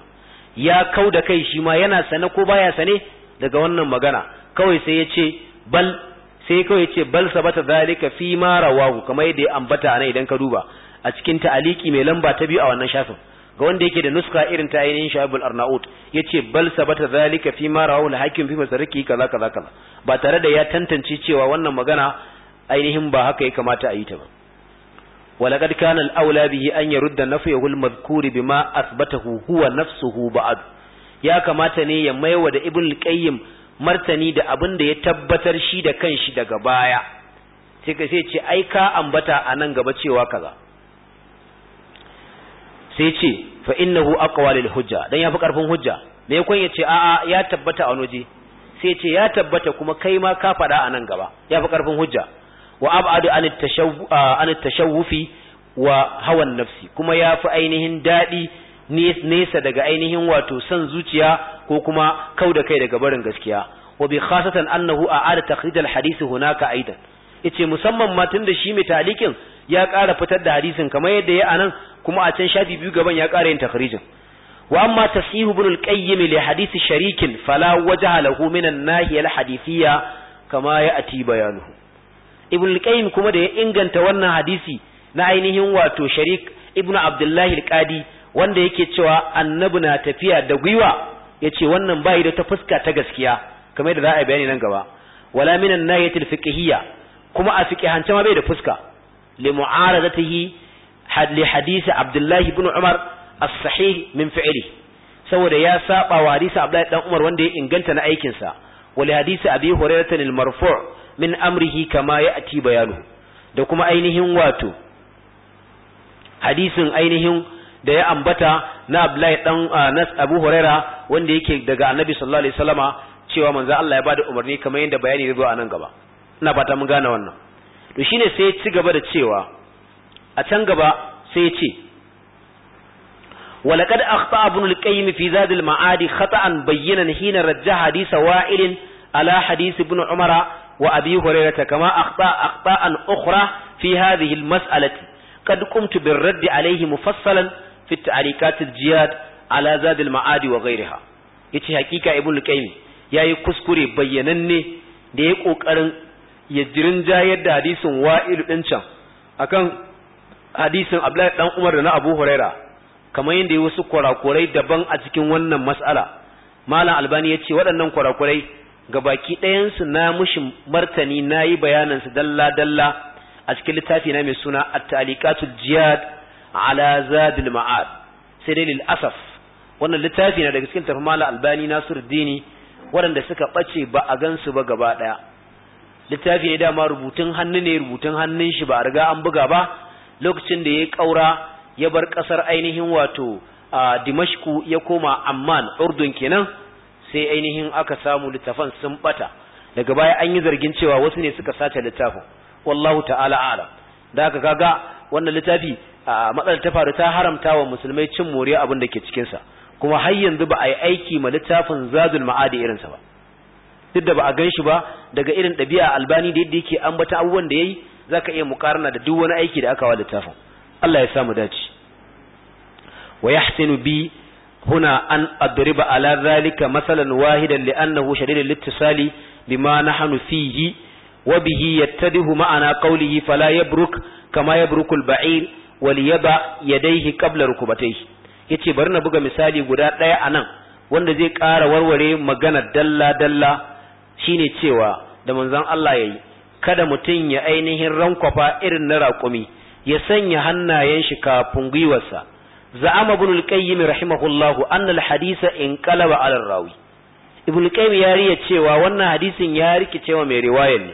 Speaker 1: ya kau da kai shi ma yana sane ko baya sane daga wannan magana kawai sai yace bal sai kawai yace bal sabata zalika fi ma rawahu kamar yadda ya ambata ana idan ka duba a cikin ta'aliki mai lamba ta biyu a wannan shafin ga wanda yake da nuska irin ta ainihin shaibul Arnaut yace bal sabata zalika fi ma rawahu al-hakim fi masariki kaza kaza kaza ba tare da ya tantance cewa wannan magana ainihin ba haka ya kamata a yi ta ba al Aula bihi an yurda يرد al المذكور bima أثبته huwa nafsuhu ba'd ya kamata ne ya maiwa da ibn qayyim martani da abin da ya tabbatar shi da kanshi daga baya sai ka ce ai ka ambata a nan gaba cewa kaza sai ce fa innahu aqwa lil hujja dan yafi karfin hujja me yakon ya ce a'a ya tabbata a noje sai ce ya tabbata kuma kai ma ka faɗa a nan gaba yafi karfin hujja wa ab'adu an tashawwufi wa hawan nafsi kuma ya fi ainihin dadi nesa daga ainihin wato san zuciya ko kuma kau da kai daga barin gaskiya wa bi khasatan annahu a'ada takhrij al hadisi hunaka aidan yace musamman ma tunda shi mai talikin ya ƙara fitar da hadisin kamar yadda ya anan kuma a can shafi biyu gaban ya ƙara yin takhrijin wa amma tasih ibn al li hadith sharikin fala wajaha lahu min an-nahiya al-hadithiyya kama ya'ti bayanuhu ibn al kuma da ya inganta wannan hadisi na ainihin wato sharik ibn abdullah al wanda yake cewa annabi na tafiya da gwiwa yace wannan bayi da ta fuska ta gaskiya kamar yadda za a bayani nan gaba wala minan nayatil fiqhiyya kuma a hanci ma bai da fuska li yi li hadisi abdullahi ibn umar as sahi min fi'li saboda ya saba wa hadisi abdullahi dan umar wanda ya inganta na aikin sa wa li hadisi abi hurairah al-marfu' min amrihi kama ya'ti bayanu da kuma ainihin wato hadisin ainihin da ya ambata na Abdullahi dan ah, Anas Abu Huraira wanda yake daga Annabi sallallahu alaihi wasallama cewa manzo Allah ya bada umarni kamar yadda bayani ya zo a nan gaba ina fata mun gane wannan to shine sai ya ci gaba da cewa a can gaba sai ya ce ولقد أخطأ ابن القيم في زاد المعاد خطأ بينا حين Ala حديث وائل على حديث ابن عمر وأبي هريرة كما أخطأ أخطاء أخرى في هذه المسألة قد قمت بالرد عليه مفصلا fi ta'arikatil jihad ala zadil ma'adi wa ghairiha yace hakika ibnu qayyim yayi kuskure bayyananne da yayi kokarin ya jirin jayar da hadisin wa'il din can akan hadisin Abdullahi dan Umar da na Abu Huraira kamar yadda wasu kurakurai daban a cikin wannan mas'ala malam Albani yace waɗannan kurakurai ga baki su na mushi martani nayi bayanan su dalla dalla a cikin littafi na mai suna at taalikatul jihad ala zadil ma'ad sai dai lil asaf wannan littafi na daga cikin tafi mala albani Dini waɗanda suka ɓace ba a gansu ba gaba ɗaya littafi ne dama rubutun hannu ne rubutun hannun shi ba a riga an buga ba lokacin da ya ƙaura ya bar ƙasar ainihin wato a dimashku ya koma amman urdun kenan sai ainihin aka samu littafan sun ɓata daga baya an yi zargin cewa wasu ne suka sace littafin wallahu ta'ala alam da aka kaga wannan littafi matsalar ta faru ta haramta wa musulmai cin moriya abin da ke cikinsa kuma har yanzu ba a yi aiki ma littafin zadul ma'adi irinsa ba duk da ba a gan shi ba daga irin ɗabi'a albani da yadda yake ambata abubuwan da ya yi za ka iya mukarana da duk wani aiki da aka wa littafin Allah ya samu dace wa yahsinu bi huna an adriba ala zalika masalan wahidan li'annahu shadidul littisali bima nahnu fihi wa bihi yattadihu ma'ana qawlihi fala yabruk kama yabrukul ba'ir wal yaba yadaihi qabla rukubatayhi yace bari na buga misali guda ɗaya anan wanda zai ƙara warware magana dalla dalla shine cewa da manzon Allah yayi kada mutum ya ainihin rankwafa irin na raƙumi ya sanya hannayen shi kafin gwiwarsa za'ama ibn al-qayyim rahimahullahu anna al-hadisa inqalaba ala rawi ibn al-qayyim ya cewa wannan hadisin ya rikicewa mai riwayar ne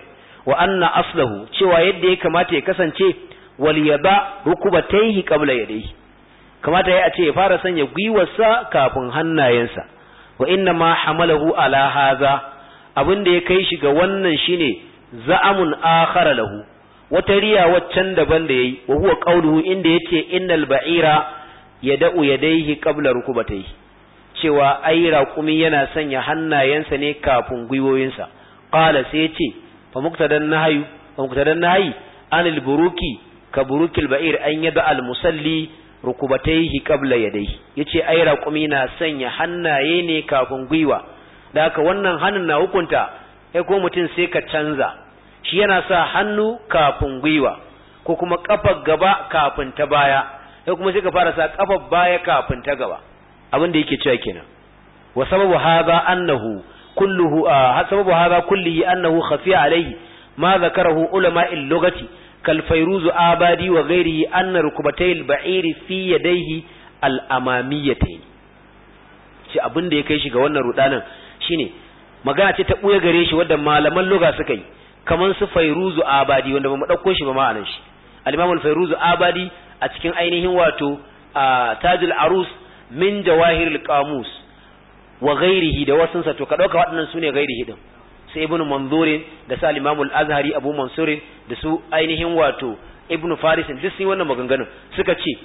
Speaker 1: wa anna aslahu cewa yadda ya kamata ya kasance wal rukubataihi qabla yadayhi kamata a ce ya fara sanya gwiwarsa kafin hannayensa wa inna ma hamalahu ala hadha abin da ya kai shi ga wannan shine za'amun akhar lahu wata riya waccan daban da yayi wa huwa qawluhu inda yace innal ba'ira yada'u yadayhi qabla rukubataihi cewa ai raƙumi yana sanya hannayensa ne kafin gwiwoyinsa qala sai yace fa muktadan nahyu fa muktadan nahyi anil buruki ka burukil ba'ir an almusalli al kabla ya dai. Ya yace ai raqumi na sanya hannaye ne kafin gwiwa da haka wannan hannun na hukunta ai ko mutum sai ka canza shi yana sa hannu kafin gwiwa ko kuma kafar gaba kafin ta baya Ko kuma sai ka fara sa kafar baya kafin ta gaba abin da yake cewa kenan wa sababu hadha annahu kulluhu ah, sababu hadha kullihi annahu khafiya alayhi ma zakarahu ulama al-lughati kalfairuzu abadi wa ghairihi anna rukubatai al-ba'iri fi yadayhi al ci abin da ya kai shi ga wannan rudanin shine magana ce ta ɓuya gare shi wanda malaman lugha suka yi kamar su fairuzu abadi wanda ba mu dauko shi ba ma'anar shi al-imam al-fairuzu abadi a cikin ainihin wato tajul arus min al qamus wa ghairihi da wasunsa to ka ɗauka waɗannan sune ghairihi din sai ibnu manzurin da sa al al-azhari abu mansurin da su ainihin wato ibnu farisin duk sun wannan maganganun suka ce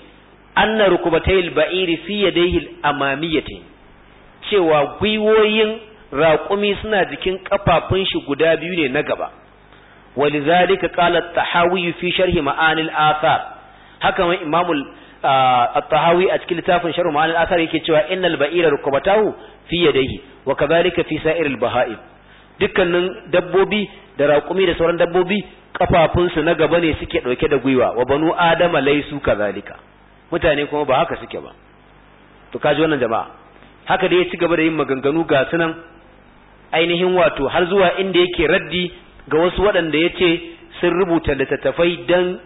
Speaker 1: anna rukubatayil ba'iri fi yadayhi al-amamiyati cewa gwiwoyin raƙumi suna jikin kafafun shi guda biyu ne na gaba walizalika qala at-tahawi fi sharhi ma'ani al haka ma imam at-tahawi a cikin littafin sharhi ma'ani al-athar yake cewa innal ba'ira rukubatahu fi yadayhi wa kadhalika fi sa'ir bahai dukkanin dabbobi da raƙumi da sauran dabbobi kafafunsu na gaba ne suke ɗauke da gwiwa wa banu adama laisu kazalika mutane kuma ba haka suke ba to kaji wannan jama'a haka da ya ci gaba da yin maganganu ga sunan ainihin wato har zuwa inda yake raddi ga wasu waɗanda ya ce sun rubuta littattafai don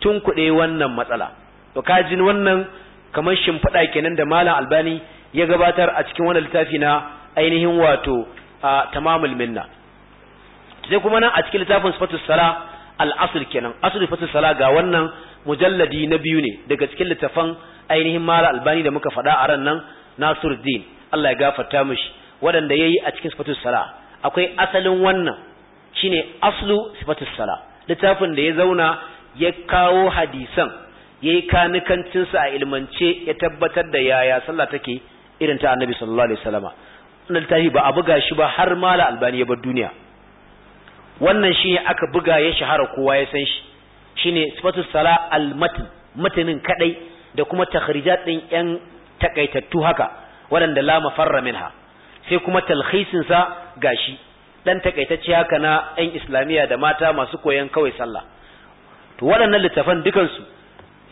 Speaker 1: tunkuɗe wannan matsala to kaji wannan kamar shimfiɗa kenan da malam albani ya gabatar a cikin wannan littafi na ainihin wato a tamamul minna sai kuma nan a cikin littafin sifatus sala al-asr kenan asr sifatus sala ga wannan mujalladi na biyu ne daga cikin littafan ainihin mala albani da muka faɗa a ran nan nasiruddin Allah ya gafarta mishi waɗanda yayi a cikin sifatus sala akwai asalin wannan shine aslu sifatus sala littafin da ya zauna ya kawo hadisan yayi kanikancin sa a ilmance ya tabbatar da yaya sallah take irin ta annabi sallallahu alaihi wasallama littafi ba a buga shi ba har mala albani ya bar duniya wannan shi ne aka buga ya shahara kowa ya san shi shine sifatu sala al matin matinin kadai da kuma takhrijat din yan takaitattu haka waɗanda la mafarra minha sai kuma talhisin sa gashi dan takaitacce haka na yan islamiya da mata masu koyon kawai sallah to waɗannan littafan dukansu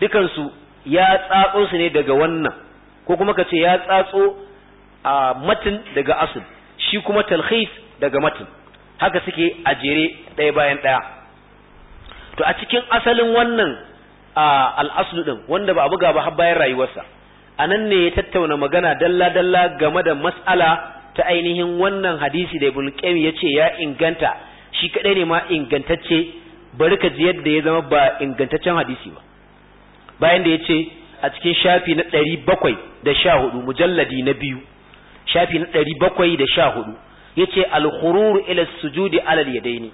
Speaker 1: dukansu ya tsatso su ne daga wannan ko kuma ka ce ya tsatso a matin daga asul shi kuma talhis daga matin haka suke a jere ɗaya bayan ɗaya to a cikin asalin wannan al'aslu ɗin wanda ba a buga ba har bayan rayuwarsa a nan ne ya tattauna magana dalla-dalla game da matsala ta ainihin wannan hadisi da ibn qayyim ya ce ya inganta shi kaɗai ne ma ingantacce bari ka ji yadda ya zama ba ingantaccen hadisi ba bayan da ya ce a cikin shafi na ɗari bakwai da sha hudu mujalladi na biyu shafi na ɗari bakwai da sha hudu ya ce alhururu ila sujudi alal ya yadaini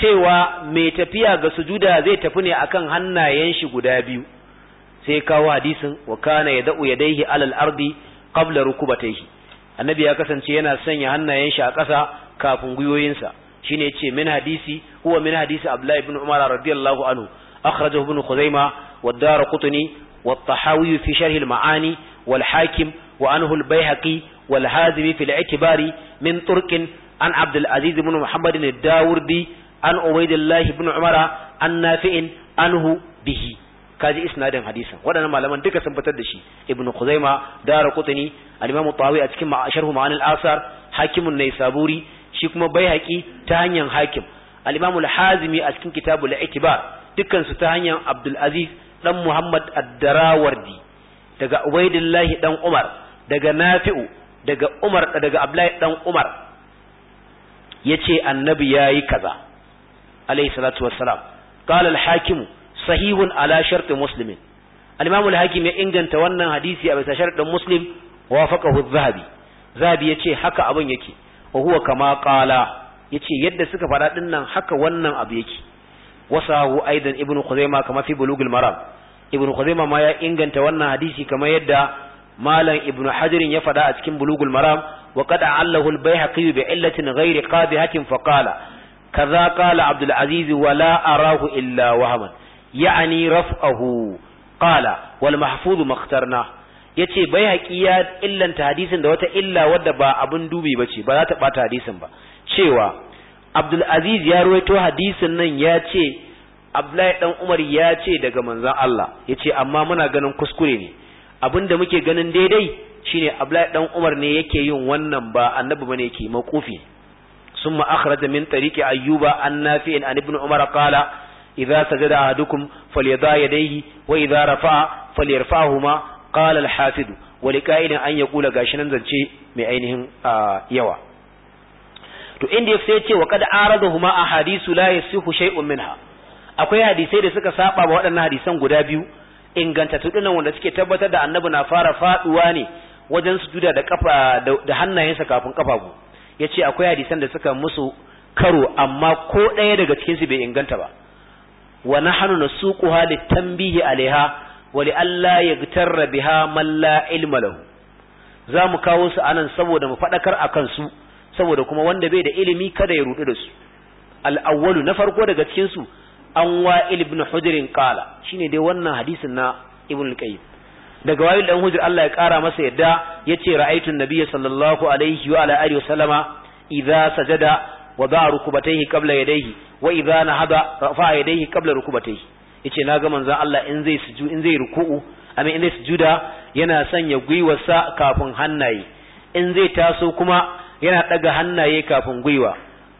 Speaker 1: cewa mai tafiya ga sujuda zai tafi ne akan hannayen shi guda biyu sai kawo hadisin wa kana ya daihi alal ardi qabla rukubatayhi annabi ya kasance yana sanya hannayen shi a ƙasa kafin gwiwoyinsa shine yace min hadisi huwa min hadisi Abdullahi ibn Umar radiyallahu anhu akhrajahu ibn Khuzaimah wa ad-Darqutni wa at-Tahawi fi sharh al-Ma'ani wal wa anhu al bayhaqi wal hazimi fil i'tibari min turqin an abd al aziz ibn muhammad al dawurdi an ubaydillah ibn umara an nafi'in anhu bihi kaji isnadin hadisin waɗannan malaman duka sun da shi ibn khuzaima dara qutni al-imam a cikin sharhu ma'anil asar hakimun naysaburi shi kuma baihaqi ta hanyar hakim al-imam a cikin kitabu i'tibar dukkan su ta hanyar abdul aziz dan muhammad ad daga Ubaidillahi dan Umar daga Nafi'u daga Umar daga Abdullahi dan Umar yace annabi yayi kaza alayhi salatu wassalam qala al-hakim sahihun ala shart muslimin al-imam al-hakim ya inganta wannan hadisi a bisa shartin muslim wafaqahu az-zahabi zahabi yace haka abun yake wa huwa kama qala yace yadda suka fara dinnan haka wannan abu yake wasahu aidan ibnu khuzaima kama fi bulugul maram ibn khuzaimah ma ya inganta wannan hadisi kamar yadda malam ibn hajarin ya faɗa a cikin bulugul maram wa qad allahu al-baihaqi bi illatin ghairi qabihatin fa qala kaza qala abdul aziz wa la arahu illa wahman ya'ni raf'ahu qala wal mahfuz makhtarna yace baihaqi ya illanta hadisin da wata illa wadda ba abun dubi bace ba za ta bata hadisin ba cewa abdul aziz ya ruwaito hadisin nan ya ce Abdullahi dan Umar ya ce daga manzon Allah ya ce amma muna ganin kuskure ne abinda muke ganin daidai shine Abdullahi dan Umar ne yake yin wannan ba annabi bane makufi. maqufi summa akhraja min tariqi ayyuba an nafi'in an ibn umar qala idza sajada ahadukum falyada yadayhi wa idza rafa'a falyarfa'huma qala al-hafid wa liqa'in an yaqula gashi nan zance mai ainihin yawa to inda yace wa kad aradahuma hadisu la yasihu shay'un minha akwai hadisai da suka saba ba waɗannan hadisan guda biyu inganta tudunan wanda suke tabbatar da annabi na fara faduwa ne wajen sujuda da kafa da hannayensa kafin kafafu yace akwai hadisan da suka musu karo amma ko ɗaya daga cikin su bai inganta ba wa nahnu nasuquha litanbihi alaiha wa li alla yagtarra biha man la ilma lahu zamu kawo su anan saboda mu fadakar akan su saboda kuma wanda bai da ilimi kada ya rudu da su al-awwalu na farko daga cikin su an wa'il ibn hujrin qala shine dai wannan hadisin na ibn al-qayyim daga wa'il dan hujr Allah ya kara masa yadda yace ra'aytun nabiyyi sallallahu alaihi wa ala alihi wasallama idza sajada da'a rukubatayhi qabla yadayhi wa idza nahada rafa yadayhi qabla rukubatayhi yace naga manzon Allah in zai suju in zai ruku'u amma in zai sujuda yana sanya gwiwarsa kafin hannaye in zai taso kuma yana daga hannaye kafin gwiwa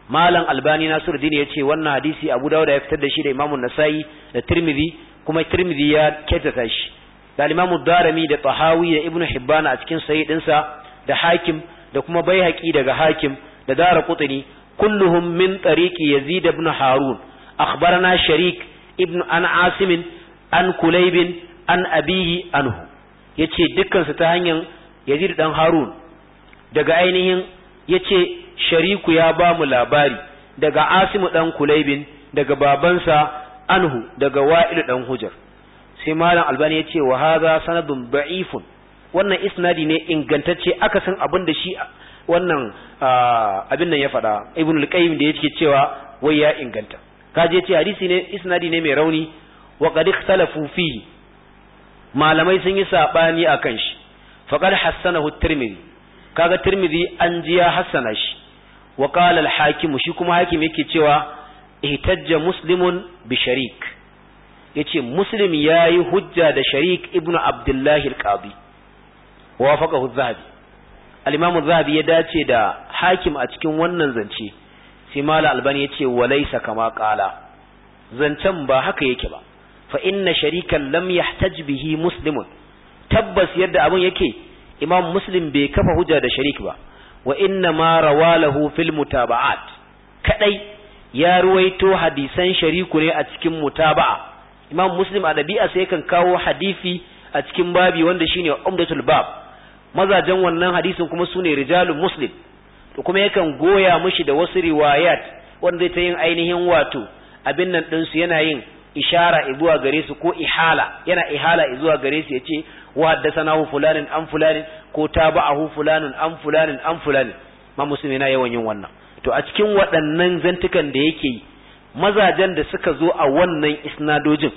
Speaker 1: malam albani nasiruddin ya ce wannan hadisi abu dawud ya fitar da shi da imamu nasa'i da tirmidhi kuma tirmidhi ya kyautata shi da imamu darami da tahawi da ibnu hibban a cikin sahih dinsa da hakim da kuma baihaqi daga hakim da dara qutni kulluhum min tariqi yazid ibn harun akhbarana sharik ibn an asim an kulayb an abihi anhu yace dukkan su ta hanyar yazid dan harun daga ainihin yace shariku ya ba mu labari daga asimu ɗan kulaibin daga babansa anhu daga Wailu dan hujar sai malam albani ya ce wa haza sanadun ba'ifun wannan isnadi ne ingantacce akasin abin da shi wannan abin nan ya faɗa ibn al-qayyim da yake cewa wai ya inganta kaje ce hadisi ne isnadi ne mai rauni wa qad ikhtalafu fihi malamai sun yi saɓani a kan shi faqad hassanahu tirmidhi kaga tirmidhi an ji ya hassana shi wa qala hakim shi kuma hakim yake cewa ihtajja muslimun bi sharik yace muslim yayi hujja da sharik ibnu abdullahi al-qadi wa wafaqahu az-zahabi al-imam az-zahabi ya dace da hakim a cikin wannan zance sai mala albani yace walaysa kama qala zancen ba haka yake ba fa inna sharikan lam yahtaj bihi muslimun tabbas yadda abun yake imam muslim bai kafa hujja da sharik ba wa inna ma rawalahu fil mutaba'at kadai ya ruwaito hadisan shariku ne a cikin mutaba'a imam muslim a dabi'a sai kan kawo hadisi a cikin babi wanda shine umdatul bab mazajen wannan hadisin kuma sune rijalul muslim to kuma yakan goya mushi da wasu riwayat wanda zai ta yin ainihin wato abin nan ɗinsu yana yin ishara zuwa gare su ko ihala yana ihala zuwa gare su yace wa haddathana fulanin an fulanin ko tabahu fulanin an fulanin an fulanin ma musulmi na yawan yin wannan to a cikin waɗannan zantukan da yake yi mazajen da suka zo a wannan isnadojin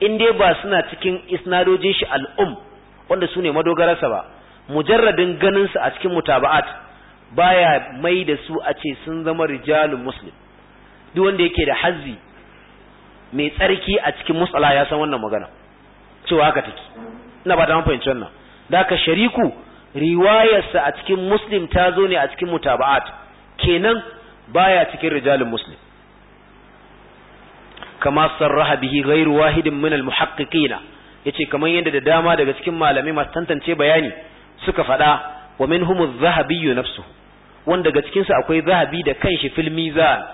Speaker 1: in dai ba suna cikin isnadojin shi al'um wanda su ne madogararsa ba mujarradin ganin su a cikin mutaba'at baya mai da su a ce sun zama rijalun muslim duk wanda yake da hazzi mai tsarki a cikin musala ya san wannan magana cewa haka take ina ba ta fahimci wannan da ka shariku riwayarsa a cikin muslim ta zo ne a cikin mutaba'at kenan baya cikin rijalin muslim kama sarraha bihi ghairu wahidin min al-muhaqqiqina yace kamar yadda da dama daga cikin malamai masu tantance bayani suka faɗa wa minhum adh-dhahabi nafsuhu wanda daga cikin su akwai zahabi da kanshi fil mizan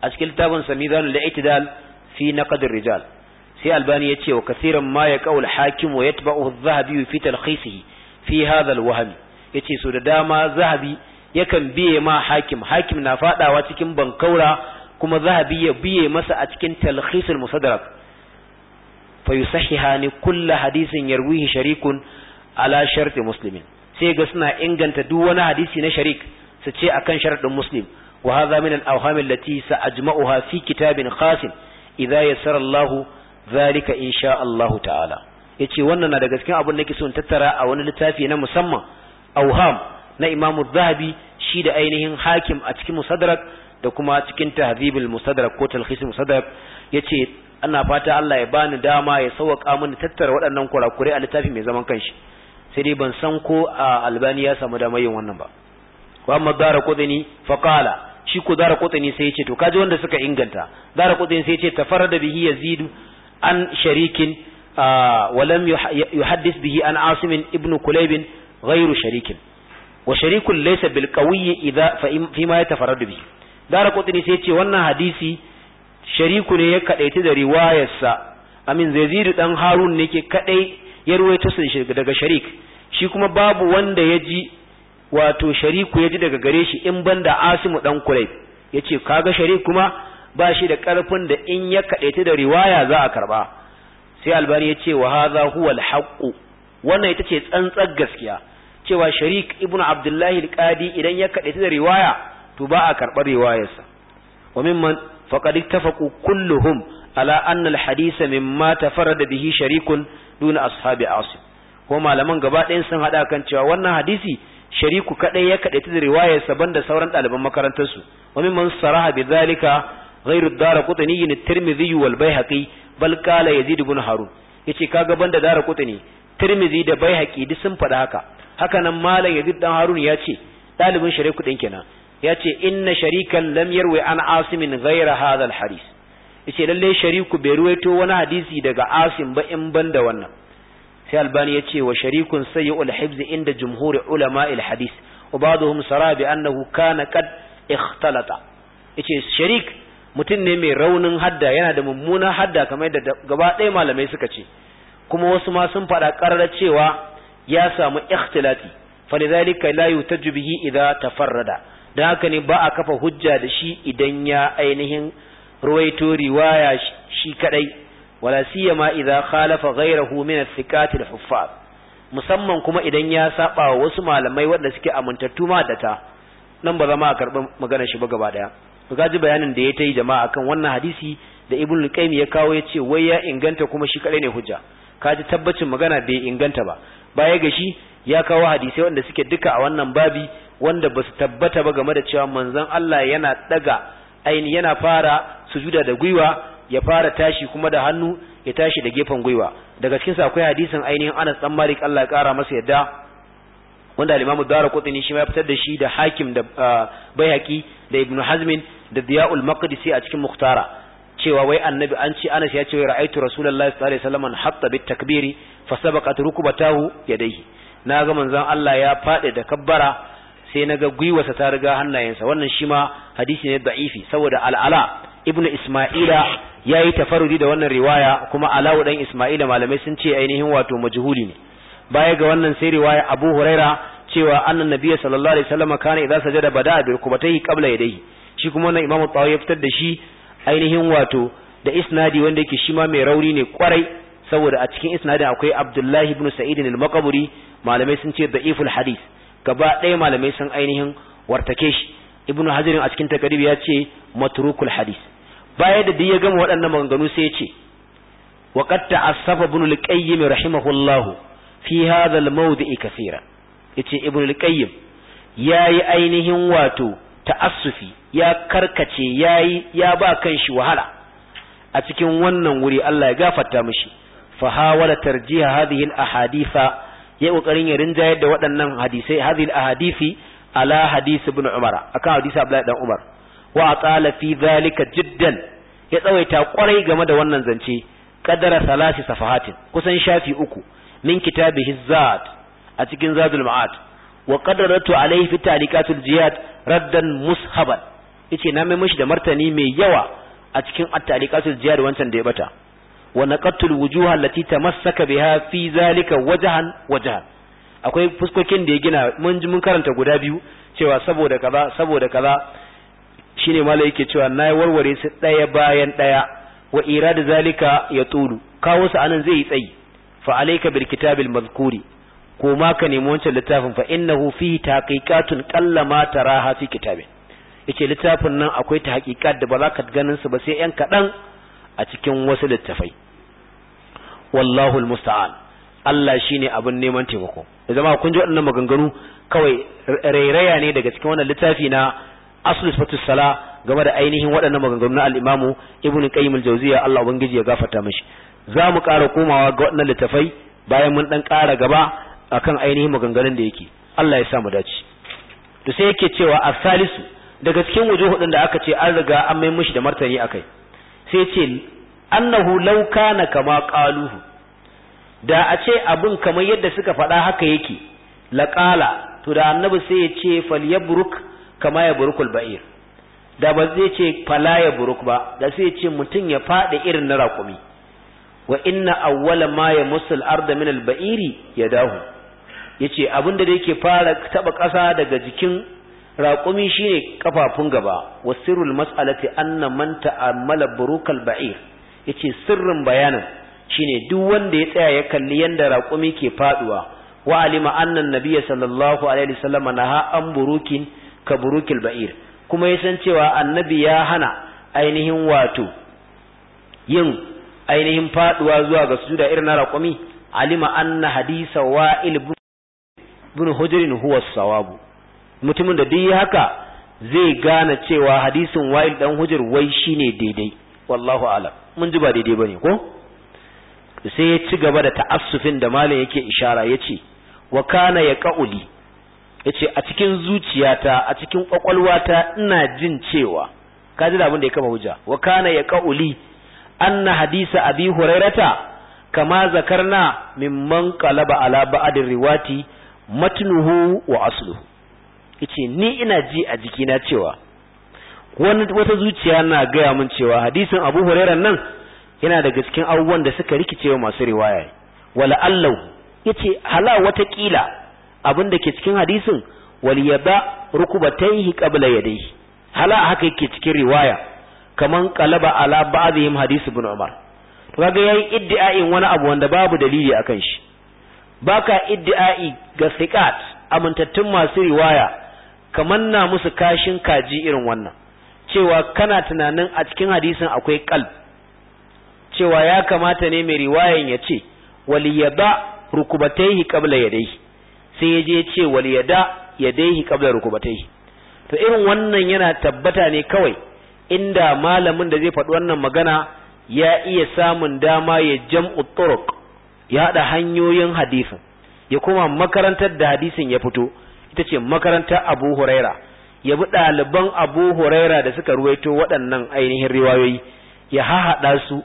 Speaker 1: a cikin littafin sa mizanul i'tidal fi naqd rijal sai albani yace wa kaseeran ma ya qaul hakim wa yatba'u adh-dhahabi fi talkhisihi fi hadha al-wahm yace so da dama zahabi yakan biye ma hakim hakim na fadawa cikin bankaura kuma zahabi ya biye masa a cikin talkhisul musaddarak fa yusahiha ni kullu hadisin yarwihi sharikun ala sharti muslimin sai ga suna inganta duk wani hadisi na sharik su ce akan sharadin muslim wa hadha min al-awham allati sa'ajma'uha fi kitabin khasim idza ya Allah zalika insha Allah ta'ala yace wannan na daga cikin abin da nake so in tattara a wani littafi na musamman awham na Imam Zahabi shi da ainihin hakim a cikin musadarak da kuma cikin tahzibul musaddarak ko talkhis musaddarak yace ana fata Allah ya bani dama ya sauka mini tattara waɗannan kurakurai a littafi mai zaman kanshi sai dai ban san ko a Albani ya samu damar yin wannan ba wa amma dara kudini fa shi ko dara qutni sai ce to kaji wanda suka inganta dara qutni sai yace da bihi yazidu an sharikin wa yuhaddis bihi an Asimin ibn Kulaibin ghayru sharikin wa sharikun laysa bil qawi idha fi ma yatafarradu bihi dara qutni sai wannan hadisi shariku ne ya kadaita da riwayarsa amin yazidu dan harun ne ke kadai ya ruwaito daga sharik shi kuma babu wanda ya ji wato shariku ya ji daga gare shi in banda asimu dan kurai ya ce kaga shariku kuma ba shi da ƙarfin da in ya kaɗaita da riwaya za a karba sai albani ya ce wa haza huwa alhaqqu wannan ita ce tsantsar gaskiya cewa sharik ibnu abdullahi alqadi idan ya kaɗaita da riwaya to ba a karɓar riwayarsa wa mimman faqad ittafaqu kulluhum ala anna alhadisa mimma tafarrada bihi sharikun duna ashabi asim ko malaman gaba ɗayan sun haɗa kan cewa wannan hadisi shariku kadai ya ta da riwayar sa da sauran ɗaliban makarantar su wa mimman saraha bi zalika ghairu daraqutni ni tirmidhi wal baihaqi bal qala yazid ibn harun yace kaga banda daraqutni tirmidhi da baihaqi duk sun faɗa haka hakanan malam yazid dan harun ya ce ɗalibin shariku din kenan ya ce inna sharikan lam yarwi an asimin ghaira hadha al hadis yace lalle shariku bai ruwaito wani hadisi daga asim ba in banda wannan sai albani ya ce wa sharikun sayyul hifz inda jumhuri ulama ilhadis hadis wa ba'dhum sara annahu kana ikhtalata yace sharik mutum ne mai raunin hadda yana da mummunan hadda kamar da gaba ɗaya malamai suka ce kuma wasu ma sun faɗa ƙarar cewa ya samu ikhtilati falidhalika la yutaju bihi idza tafarrada dan haka ne ba a kafa hujja da shi idan ya ainihin ruwaito riwaya shi kadai wala سيما idza خالف غيره من الثقات الحفاظ musamman kuma idan ya saba wa wasu malamai wanda suke amintattu ma da ta nan ba zama a karɓi magana shi ba gaba daya ji bayanin da ya ta yi jama'a kan wannan hadisi da ibn al-qayyim ya kawo ya ce wai ya inganta kuma shi kadai ne hujja ka ji tabbacin magana bai inganta ba baya ga shi ya kawo hadisai wanda suke duka a wannan babi wanda ba su tabbata ba game da cewa manzon Allah yana daga aini yana fara sujuda da gwiwa ya fara tashi kuma da hannu ya tashi da gefen gwiwa daga cikin sa akwai hadisin ainihin Anas dan Malik Allah ya kara masa yadda wanda al-Imam Daraqutni shi ma ya fitar da shi da Hakim da ah, Baihaqi da Ibn Hazm da Diya'ul Maqdisi a cikin Mukhtara cewa wai annabi an ce Anas ya ce wai ra'aitu Rasulullahi sallallahu alaihi wasallam hatta bit takbiri fa sabaqat rukbatahu yadayhi na ga manzon Allah ya faɗi da kabbara sai na ga gwiwarsa ta riga hannayensa wannan shi ma hadisi ne da'ifi saboda al'ala ibnu isma'ila yayi tafarudi da wannan riwaya kuma alawu dan isma'ila malamai sun ce ainihin wato majhuli ne baya ga wannan sai riwaya abu huraira cewa annan nabiyyi sallallahu alaihi wasallam kana idza sajada bada'a bi rukubatayhi qabla yadayhi shi kuma wannan imamu tawawi ya fitar da shi ainihin wato da isnadi wanda yake shi ma mai rauni ne kwarai saboda a cikin isnadin akwai abdullahi ibn sa'id al-maqburi malamai sun ce da'iful hadith gaba ɗaya malamai sun ainihin wartake shi ibnu hajarin a cikin takarib ya ce matrukul hadith baya da ya gama waɗannan maganganu sai ya ce wa qad ta'assafa ibn al-qayyim rahimahullah fi hadha al-mawdi'i kaseera yace ibn al-qayyim yayi ainihin wato ta'assufi ya karkace yayi ya ba kan shi wahala a cikin wannan wuri Allah ya gafarta mishi fa hawala tarjiha hadhihi al-ahaditha ya kokarin ya rinjayar da waɗannan hadisai hadhihi al-ahadithi ibn umar akan hadisi Abdullah dan umar wa atala fi zalika jiddan ya tsawaita kwarai game da wannan zance qadara salasi safahatin kusan shafi uku min kitabihi zat a cikin zadul ma'at wa qadaratu alayhi fi talikatul jihad raddan mushaban yace na mai mishi da martani mai yawa a cikin at talikatul jihad wancan da ya bata wa naqatul wujuha allati tamassaka biha fi zalika wajhan wajhan akwai fuskokin da ya gina mun mun karanta guda biyu cewa saboda kaza saboda kaza shine mala yake cewa na warware su ɗaya bayan ɗaya wa da zalika ya tulu kawo su anan zai yi tsayi fa alayka bil kitabil mazkuri ko ma ka nemi wancan littafin fa innahu fihi taqiqatun qalla ma taraha fi kitabin yace littafin nan akwai ta hakika da ba za ka ganin su ba sai yan kaɗan a cikin wasu littafai wallahu almusta'an Allah shine abin neman taimako da zama kun ji waɗannan maganganu kawai rairaya ne daga cikin wannan littafi na aslu sifatus sala game da ainihin waɗannan maganganu na al'imamu imamu ibn qayyim al-jawziya Allah ubangiji ya gafarta mishi za mu ƙara komawa ga waɗannan littafai bayan mun dan kara gaba akan ainihin maganganun da yake Allah ya sa mu dace to sai yake cewa salisu daga cikin wujuhudin da aka ce an riga an mai mishi da martani akai sai ce annahu law kana kama qaluhu da a ce abun kamar yadda suka faɗa haka yake laqala to da annabi sai ya ce falyabruk kama ya burukul ba'ir da ba zai ce fala ya buruk ba da sai ce mutum ya faɗi irin na raƙumi wa inna awwala ma ya musul arda min al-ba'iri ya dahu yace abin da yake fara taba ƙasa daga jikin raƙumi shine kafafun gaba wa sirrul mas'alati anna man ta'ammala burukal ba'ir yace sirrin bayanin shine duk wanda ya tsaya ya kalli yanda raƙumi ke faduwa wa alima anna an-nabiy sallallahu alaihi wasallam naha an burukin ka burukil ba'ir kuma ya san cewa annabi ya hana ainihin wato yin ainihin faduwa zuwa ga sujuda irin na raƙumi alima anna hadisa wa'il bin hujrin huwa sawabu mutumin da duk haka zai gane cewa hadisin wa'il dan hujr wai shine daidai wallahu a'lam mun ji ba daidai bane ko sai ya ci gaba da ta'assufin da malam yake ishara yace wa kana ya ka'uli Ya ce a cikin zuciyata a cikin kwakwalwata ina jin cewa ka ji abin da ya kama hujja wa kana ya qauli anna hadisa abi hurairata kama zakarna man qalaba ala ba'd riwati matnuhu wa asluhu yace ni ina ji a jikina cewa wani wata zuciya na gaya min cewa hadisin abu hurairan nan yana daga cikin abubuwan da suka rikicewa masu riwaya wala allahu yace hala wata kila abin da ke cikin hadisin wal yada rukubatayhi qabla yadayhi hala haka yake cikin riwaya kaman qalaba ala ba'dihim hadis ibn umar to kaga yayi iddi'ain wani abu wanda babu dalili akan shi baka iddi'ai ga siqat amintattun masu riwaya kaman na musu kashin kaji irin wannan cewa kana tunanin a cikin hadisin akwai qalb cewa ya kamata ne mai riwayan ya ce wal yada rukubatayhi qabla yadayhi sai ya je ya ce wal yada yadaihi qabla rukubatai to irin wannan yana tabbata ne kawai inda malamin da zai faɗi wannan magana ya iya samun dama ya jam'u turuq ya haɗa hanyoyin hadisin ya kuma makarantar da hadisin ya fito ita ce makarantar Abu Huraira ya bi ɗaliban Abu Huraira da suka ruwaito waɗannan ainihin riwayoyi ya hahaɗa su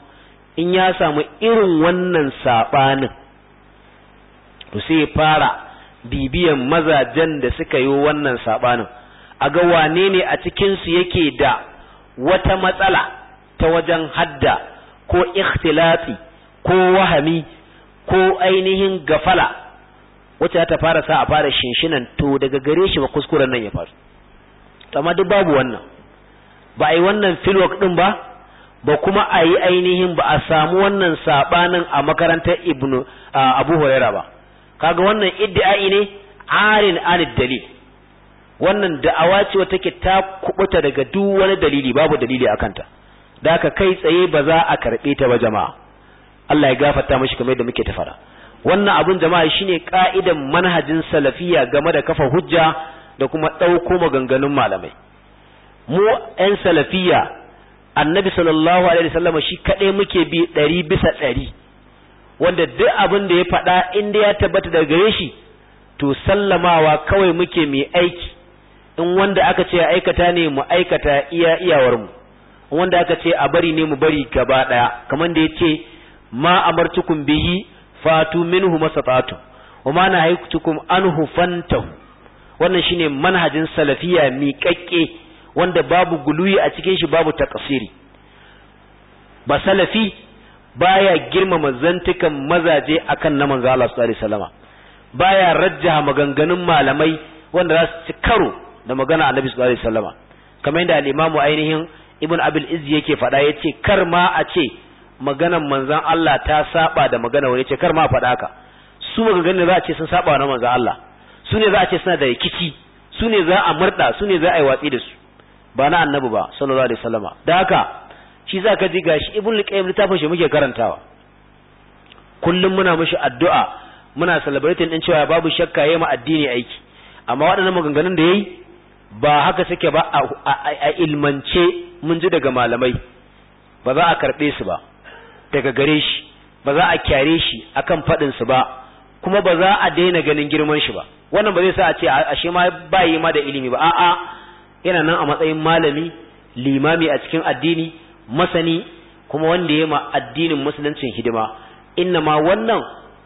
Speaker 1: in ya samu irin wannan saɓanin to sai fara bibiyan mazajen da suka yi wannan sabanin a ga wane ne a cikinsu yake da wata matsala ta wajen hadda ko ikhtilati ko wahami ko ainihin gafala wacce ta fara sa a fara shinshinan to daga gare shi ba kuskuren nan ya faru amma duk babu wannan ba a yi wannan filwak din ba ba kuma a yi ainihin ba a samu wannan sabanin a makarantar ibnu abu huraira ba kaga wannan iddi'ai ne arin alid dalil wannan da'awa ce wata take ta kubuta daga duk wani dalili babu dalili akan ta da ka kai tsaye ba za a karbe ta ba jama'a Allah ya gafarta mishi kamar yadda muke tafara. wannan abun jama'a shine ka'idan manhajin salafiya game da kafa hujja da kuma ɗauko maganganun malamai mu 'yan salafiya annabi sallallahu alaihi wasallam shi kaɗai muke bi ɗari bisa ɗari wanda duk abin da ya faɗa inda ya tabbata da gare shi to sallamawa kawai muke mai aiki in wanda aka ce aikata ne mu aikata iya iyawar mu wanda aka ce a bari ne mu bari gaba ɗaya kamar da ya ce ma amartukum bihi fatu minhu masatatu wa ma haikutukum anhu fantahu wannan shine manhajin salafiya miƙaƙƙe wanda babu guluyi a cikin shi babu takasiri ba salafi baya girmama zantukan mazaje akan na manzo Allah sallallahu alaihi wasallama baya rajja maganganun malamai wanda za su ci karo da magana Annabi sallallahu alaihi wasallam kamar yadda al imamu ainihin Ibn Abil Izz yake faɗa yace kar ma a ce maganan manzon Allah ta saba da magana wani ce kar ma faɗa haka su maganganun za a ce sun saba na manzon Allah su ne za a ce suna da rikici su ne za a murda su ne za a yi watsi da su ba na annabi ba sallallahu alaihi wasallam da haka shi za ka ji shi ibn liqayyim littafin shi muke karantawa kullum muna mishi addu'a muna celebrating din cewa babu shakka ya ma addini aiki amma waɗannan maganganun da yayi ba haka suke ba a ilmance mun ji daga malamai ba za a karɓe su ba daga gare shi ba za a kyare shi akan faɗin su ba kuma ba za a daina ganin girman shi ba wannan ba zai sa a ce a shi ma ba yi ma da ilimi ba a'a yana nan a matsayin malami limami a cikin addini masani kuma wanda ya ma addinin musuluncin hidima inna ma wannan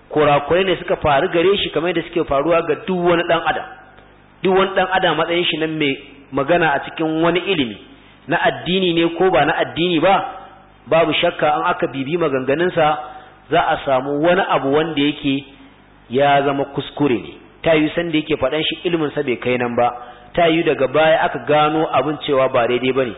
Speaker 1: kurakurai ne suka faru gare shi kamar da suke faruwa ga duk wani dan adam duk wani dan adam matsayin shi nan mai magana a cikin wani ilimi na addini ne ko ba na addini ba babu shakka an aka bibi maganganunsa za a samu wani abu wanda yake ya zama kuskure ne ta yi san da yake faɗan shi ilimin sa bai kai nan ba ta yi daga baya aka gano abin cewa ba daidai bane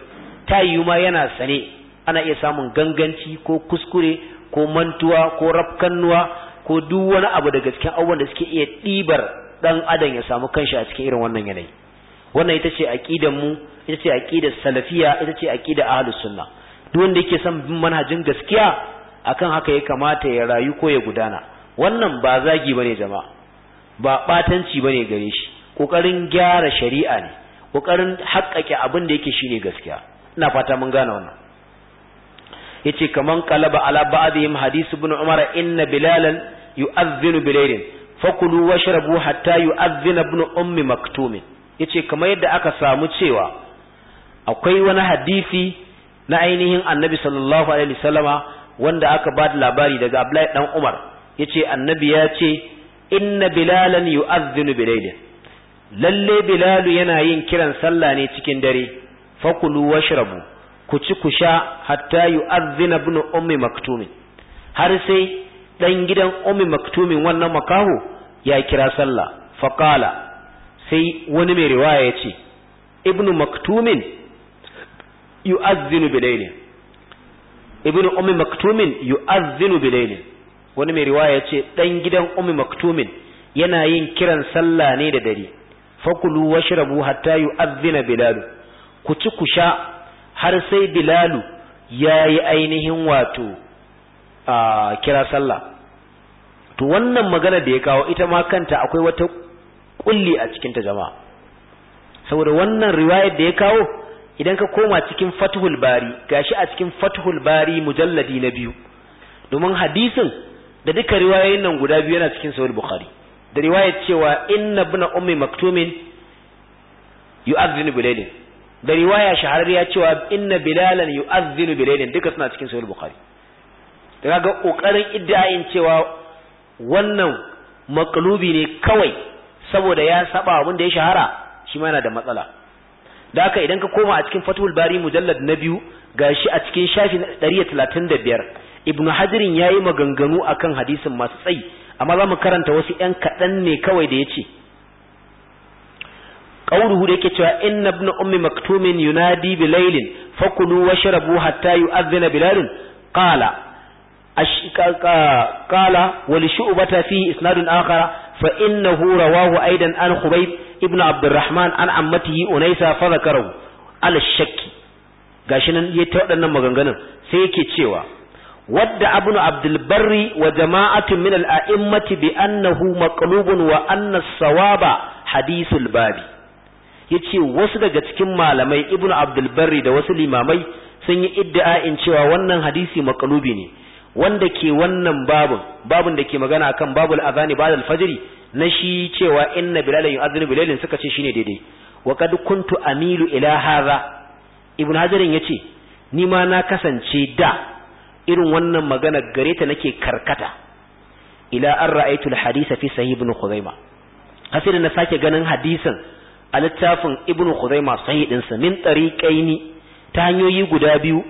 Speaker 1: ta yiwu ma yana sane ana iya samun ganganci ko kuskure ko mantuwa ko rafkannuwa ko duk wani abu daga cikin abubuwan da suke iya ɗibar ɗan adam ya samu kanshi a cikin irin wannan yanayi wannan ita ce aƙidar mu ita ce aƙidar salafiya ita ce aƙidar ahlus sunna duk wanda yake son bin manhajin gaskiya akan haka ya kamata ya rayu ko ya gudana wannan ba zagi bane jama'a ba batanci bane gare shi kokarin gyara shari'a ne kokarin haƙƙaƙe abin da yake shine gaskiya ina fata mun gane wannan yace kaman qalaba ala ba'dihim hadith ibn umar inna bilalan yu'adhdhinu bilailin fakulu washrabu hatta yu'adhdhina ibn ummi maktum yace kamar yadda aka samu cewa akwai wani hadisi na ainihin annabi sallallahu alaihi wasallama wanda aka ba da labari daga Abdullahi dan Umar yace annabi ya ce inna bilalan yu'adhdhinu bilailin lalle bilalu yana yin kiran sallah ne cikin dare fakulu shirabu ku ci ku sha hatta yu'adhdhina bin omi maktumin har sai dan gidan omi maktumin wannan makaho ya kira sallah faƙala sai wani mai riwaya ya ce ibn maktumin yu'adhdhinu bilailin ibn omi maktumin yu'adhdhinu bilailin wani mai riwaya ya ce dan gidan omi maktumin yana yin kiran sallah ne da dare fakulu shirabu hatta yu'adhdhina bilalu ku ci ku sha har sai bilalu ya yi ainihin wato a kira sallah to wannan magana da ya kawo ita ma kanta akwai wata kulli a cikinta jama'a saboda wannan riwayar da ya kawo idan ka koma cikin fathul bari gashi a cikin fathul bari mujalladi na biyu domin hadisin da duka riwayoyin nan guda biyu yana cikin sahih bukhari da riwayar cewa inna ibn ummi maktumin yu'adhdhinu bilailin da riwaya shahararriya cewa inna bilalan yu'adhdhinu bilailin duka suna cikin sahih bukhari da kaga kokarin idda'in cewa wannan maqlubi ne kawai saboda ya saba abin da ya shahara shi ma yana da matsala da haka idan ka koma a cikin fatul bari mujallad na biyu gashi a cikin shafi 135 ibnu hajirin yayi maganganu akan hadisin masu tsayi amma za mu karanta wasu 'yan kaɗan ne kawai da ya ce qawluhu da yake cewa inna ibn ummi maktumin yunadi bi laylin fakulu washrabu hatta yu'adhina bilal qala قال ولشعبة فيه إسناد آخر فإنه an أيضا عن خبيب ابن عبد الرحمن عن عمته أنيسة فذكره على الشك gashinan ya ta waɗannan maganganun sai yake cewa wadda abnu abdul barri wa jama'atu min al-a'immati bi annahu maqlubun wa anna as-sawaba hadithul babi yace wasu daga cikin malamai ibnu abdul barri da wasu limamai sun yi iddia'in cewa wannan hadisi makalubi ne wanda ke wannan babun babun da ke magana akan babul azani ba'da al-fajr na shi cewa inna bilal yu'adhinu bilalin suka ce shine daidai wa qad kuntu amilu ila hadha ibn hajarin yace ni ma na kasance da irin wannan magana gare ta nake karkata ila an ra'aytu al-hadisa fi sahih ibn khuzaimah hasirin na sake ganin hadisin a littafin ibn khuzaima sahihinsa min tariqaini ta hanyoyi guda biyu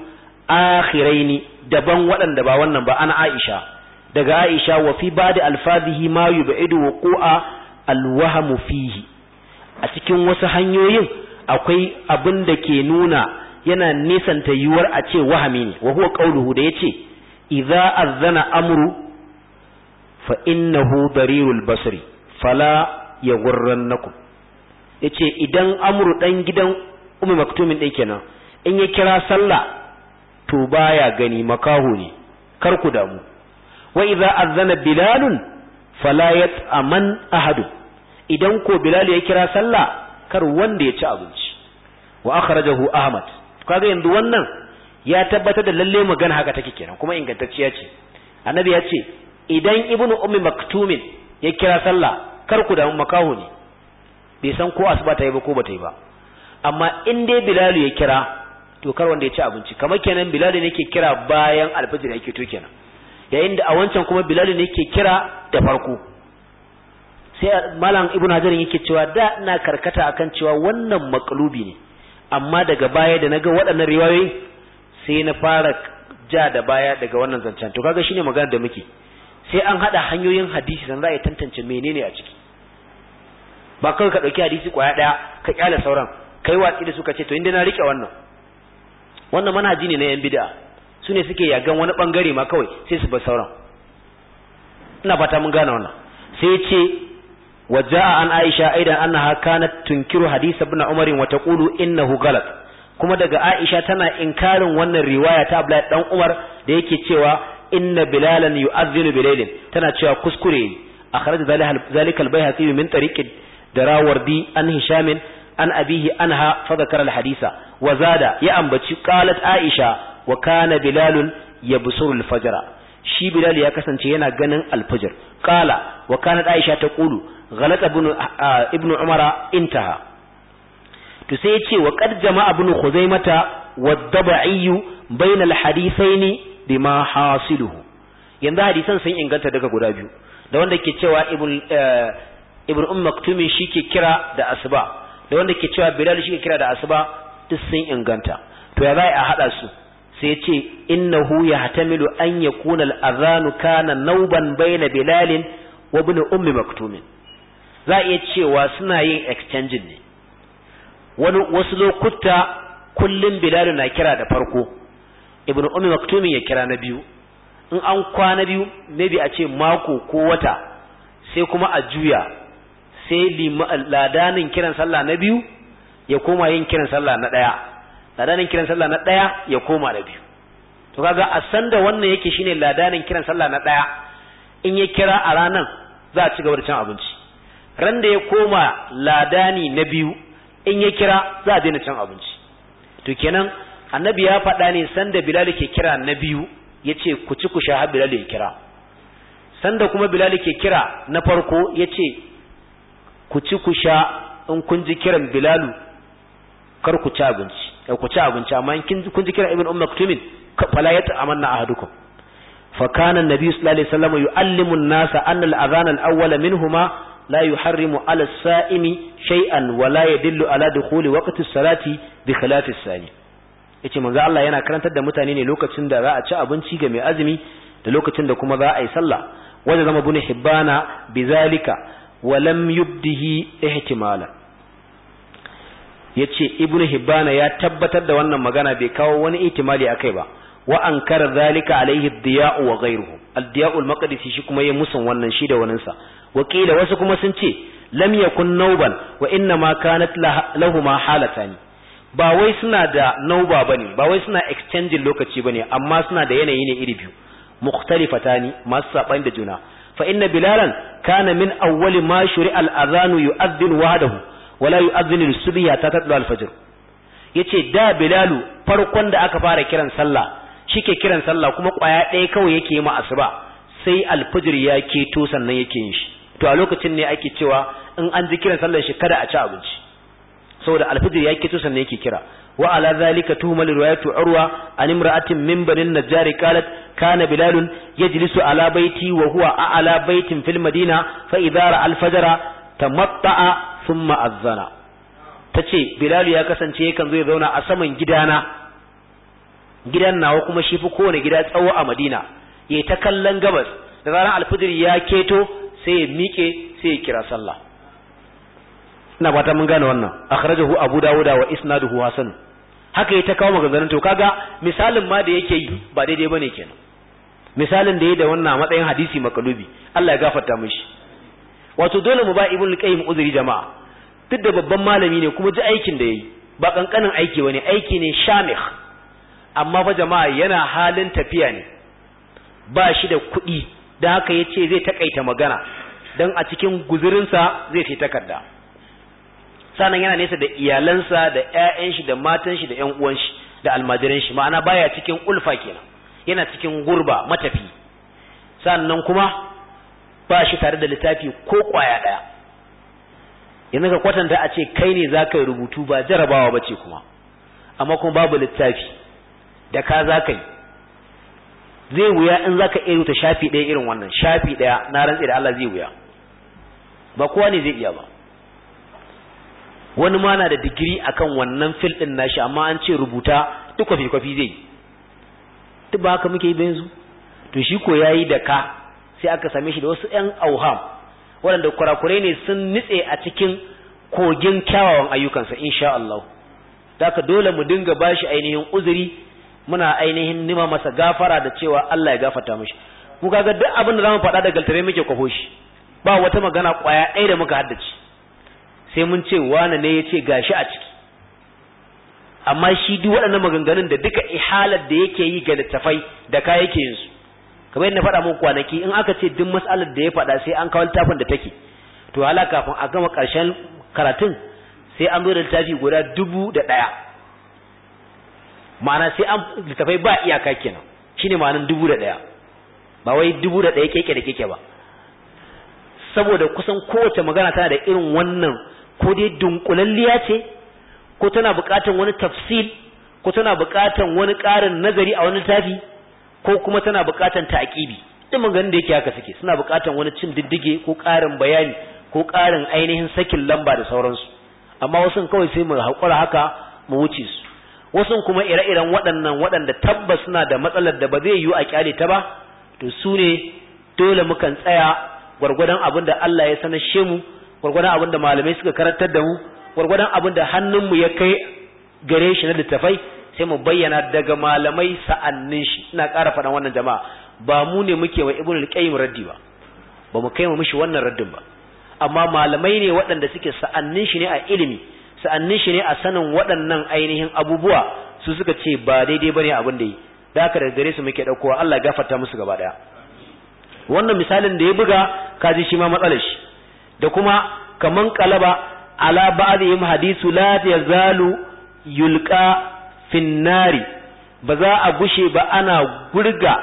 Speaker 1: akhiraini daban waɗanda ba wannan ba ana aisha daga aisha wa fi da alfazihi ma ido ko a fihi a cikin wasu hanyoyin akwai abin da ke nuna yana nisanta yiwuwar a ce wahami ne wa huwa ya da yace idza azzana amru fa innahu darirul basri fala yaghurrannakum yace idan amru ɗan gidan ummu maktumin din kenan in ya kira sallah to baya gani makaho ne kar ku damu wa idza azana bilalun fala aman ahadu idan ko bilal ya kira sallah kar wanda ya ci abinci wa akhrajahu ahmad kaga yanzu wannan ya tabbatar da lalle magana haka take kenan kuma ingantacciya ce annabi ya ce idan ibnu ummi maktumin ya kira sallah kar ku damu makaho ne bai san ko asuba ta yi ba ko bata yi ba amma in dai bilal ya kira to kar wanda ya ci abinci kamar kenan bilal ne yake kira bayan alfajir yake to kenan yayin da a wancan kuma bilal ne yake kira da farko sai malam ibnu hajar yake cewa da ina karkata akan cewa wannan maqlubi ne amma daga baya da naga waɗannan riwayoyi sai na fara ja da baya daga wannan zancen to kaga shine magana da muke sai an hada hanyoyin hadisi dan za a tantance menene a ciki ba kawai ka dauki hadisi kwaya daya ka kyale sauran kai watsi da suka ce to inda na rike wannan wannan manhaji ne na yan bid'a su ne suke yagan wani bangare ma kawai sai su bar sauran ina fata mun gane wannan sai ce an aisha aidan annaha kanat tunkiru تنكر ibn umar wa taqulu innahu غلط kuma daga Aisha tana inkarin wannan riwaya ta Abdullahi dan Umar da yake cewa inna bilalan yu'adhdhinu bilailin tana cewa kuskure akhraj zalika albayhaqi min tariqi an عن هشام عن أبيه أنها ya الحديث kalat aisha wa عائشة bilalun ya busur الفجر shi bilal ya kasance yana ganin alfajir kala wa kanat aisha ta kulu ibn ibn umara intaha to sai yace wa qad jama'a ibn khuzaimata wa dabai bayna al bima hasiluhu yanzu hadisan sun inganta daga guda biyu da wanda ke cewa ibn eh, ibn um maktumin shi ke kira da asuba da wanda ke cewa bilal shi ke kira da asuba duk sun inganta to ya za a haɗa su sai ce innahu hatamilu an yakuna al-adhan kana nauban baina bilal wa ibn umm maktumin za a iya cewa suna yin exchanging ne wani wasu lokuta kullum bilal na kira da farko ibnu Ummi maktumin ya kira na biyu in an kwana biyu maybe a ce mako ko wata sai kuma a juya sai ladanin kiran sallah na biyu ya koma yin kiran sallah na ɗaya ladanin kiran sallah na ɗaya ya koma na biyu to kaga a san da wannan yake shine ladanin kiran sallah na ɗaya in ya kira a ranan za a ci gaba da cin abinci ran da ya koma ladani na biyu in ya kira za a daina cin abinci to kenan annabi ya faɗa ne sanda bilal ke kira na biyu ya ce ku ci ku sha har bilal ya kira sanda kuma bilal ke kira na farko ya ce ku ci ku sha in kun ji kiran bilalu kar ku ci abinci eh, ku ci abinci amma in kun ji kiran ibn umm maktumin fala yata amanna ahadukum fa kana annabi sallallahu alaihi wasallam yu'allimu an-nasa anna al-adhan al-awwal minhuma la yuharrimu ala as-sa'imi shay'an wa la yadullu ala salati bi yace manzo Allah yana karantar da mutane ne lokacin da za a ci abinci ga mai azumi da lokacin da kuma za a yi sallah wanda zama bin hibbana bizalika walam yubdihi ihtimala yace ibnu Hibbana ya tabbatar da wannan magana bai kawo wani ihtimali akai ba wa'ankarar ankara zalika alaihi ad-diya'u wa ghayruhu al-maqdisi shi kuma ya musun wannan shi da wanin sa wakila wasu kuma sun ce lam yakun nauban wa inna ma kanat lahumu halatani ba wai suna da nauba bane ba wai suna exchanging lokaci ba ne amma suna da yanayin ne iri biyu mukhtalifatani masu sabani da juna fa inna bilalan kana min awwali ma shuri'a al azanu yu'adhdhin wahdahu wala yu'adhdhin al-subhi al-fajr yace da bilalu farkon da aka fara kiran sallah shike kiran sallah kuma kwaya ɗaya kawai yake yi ma asuba sai al-fajr ya keto sannan yake yin shi to a lokacin ne ake cewa in an ji kiran sallah shi kada a ci abinci saboda alfijir ya kito sannan yake kira wa ala zalika tuhmal riwayatu urwa an imra'atin min banin najjar qalat kana bilalun yajlisu ala baiti wa huwa a'la baitin fil madina fa idha ra'a al fajra tamatta'a thumma azzana tace bilal ya kasance yakan zo ya zauna a saman gidana gidan nawa kuma shi fi kowane gida tsawo a madina yayi ta kallon gabas da ranar alfijir ya keto sai ya miƙe sai ya kira sallah ina fata mun gane wannan akhrajahu abu dawuda wa isnaduhu hasan haka ya ta kawo maganganun to kaga misalin ma da yake yi ba daidai bane kenan misalin da yayi da wannan matsayin hadisi makalubi Allah ya gafarta shi. wato dole mu ba ibnu qayyim uzuri jama'a duk da babban malami ne kuma ji aikin da yayi ba kankanin aiki bane aiki ne shamikh amma fa jama'a yana halin tafiya ne ba shi da kuɗi da haka ya ce zai takaita magana dan a cikin guzurinsa zai fi takarda sanan yana nesa da iyalansa da ƴaƴan shi da matan shi da ƴan uwan shi da almajiran shi ma'ana baya cikin ulfa kenan yana cikin gurba matafi sannan kuma ba shi tare da littafi ko kwaya ɗaya yanzu ka kwatanta a ce kai ne za ka rubutu ba jarabawa ba ce kuma amma kuma babu littafi da ka za ka yi zai wuya in za ka iya rubuta shafi ɗaya irin wannan shafi ɗaya na rantsi da Allah zai wuya ba kowa ne zai iya ba wani ma na da digiri akan wannan fil din nashi amma an ce rubuta duk kwafi kwafi zai duk ba haka muke yi yanzu to shi ko yayi da ka sai aka same shi da wasu 'yan auham waɗanda kurakurai ne sun nitse a cikin kogin kyawawan ayyukansa insha Allah aka dole mu dinga bashi ainihin uzuri muna ainihin nima masa gafara da cewa Allah ya gafarta mishi mu kaga duk abin da zamu faɗa da galtare muke kwafo shi ba wata magana ƙwaya ɗaya da muka haddace sai mun ce wane ne ya ce gashi a ciki amma shi duk waɗannan maganganun da duka ihalar da yake yi ga littafai da ka yake yin su kamar yadda faɗa muku kwanaki in aka ce duk mas'alar da ya faɗa sai an kawo littafin da take to hala kafin a gama ƙarshen karatun sai an zo da littafi guda dubu da ɗaya ma'ana sai an littafai ba iyaka kenan shine ma'anin dubu da ɗaya ba wai dubu da ɗaya keke da keke ba saboda kusan kowace magana tana da irin wannan ko dai dunkulalliya ce ko tana buƙatar wani tafsil ko tana buƙatar wani ƙarin nazari a wani tafi, ko kuma tana buƙatar ta'aqibi duk ganin da yake haka suke suna buƙatar wani cin diddige ko ƙarin bayani ko ƙarin ainihin sakin lamba da sauransu amma wasu kawai sai mu haƙura haka mu wuce su wasu kuma ire-iren waɗannan waɗanda tabbas suna da matsalar da ba zai yiwu a kyale ta ba to su ne dole mukan tsaya gwargwadon abin da Allah ya sanar shemu mu gwargwadon abin da malamai suka karantar da mu gwargwadon abin da hannunmu ya kai gare shi na littafai sai mu bayyana daga malamai sa'annin shi ina ƙara faɗan wannan jama'a ba mu ne muke wa ibnu al-qayyim raddi ba ba mu kai mu mishi wannan raddin ba amma malamai ne waɗanda suke sa'annin shi ne a ilimi sa'annin shi ne a sanin waɗannan ainihin abubuwa su suka ce ba daidai bane abin da yi da haka daga gare su muke ɗaukowa Allah ya gafarta musu gaba ɗaya wannan misalin da ya buga kaji shi ma matsalar shi da kuma kaman qalaba ala ba'dihim hadisu la yazalu yulqa finnari ba za a gushe ba ana gurga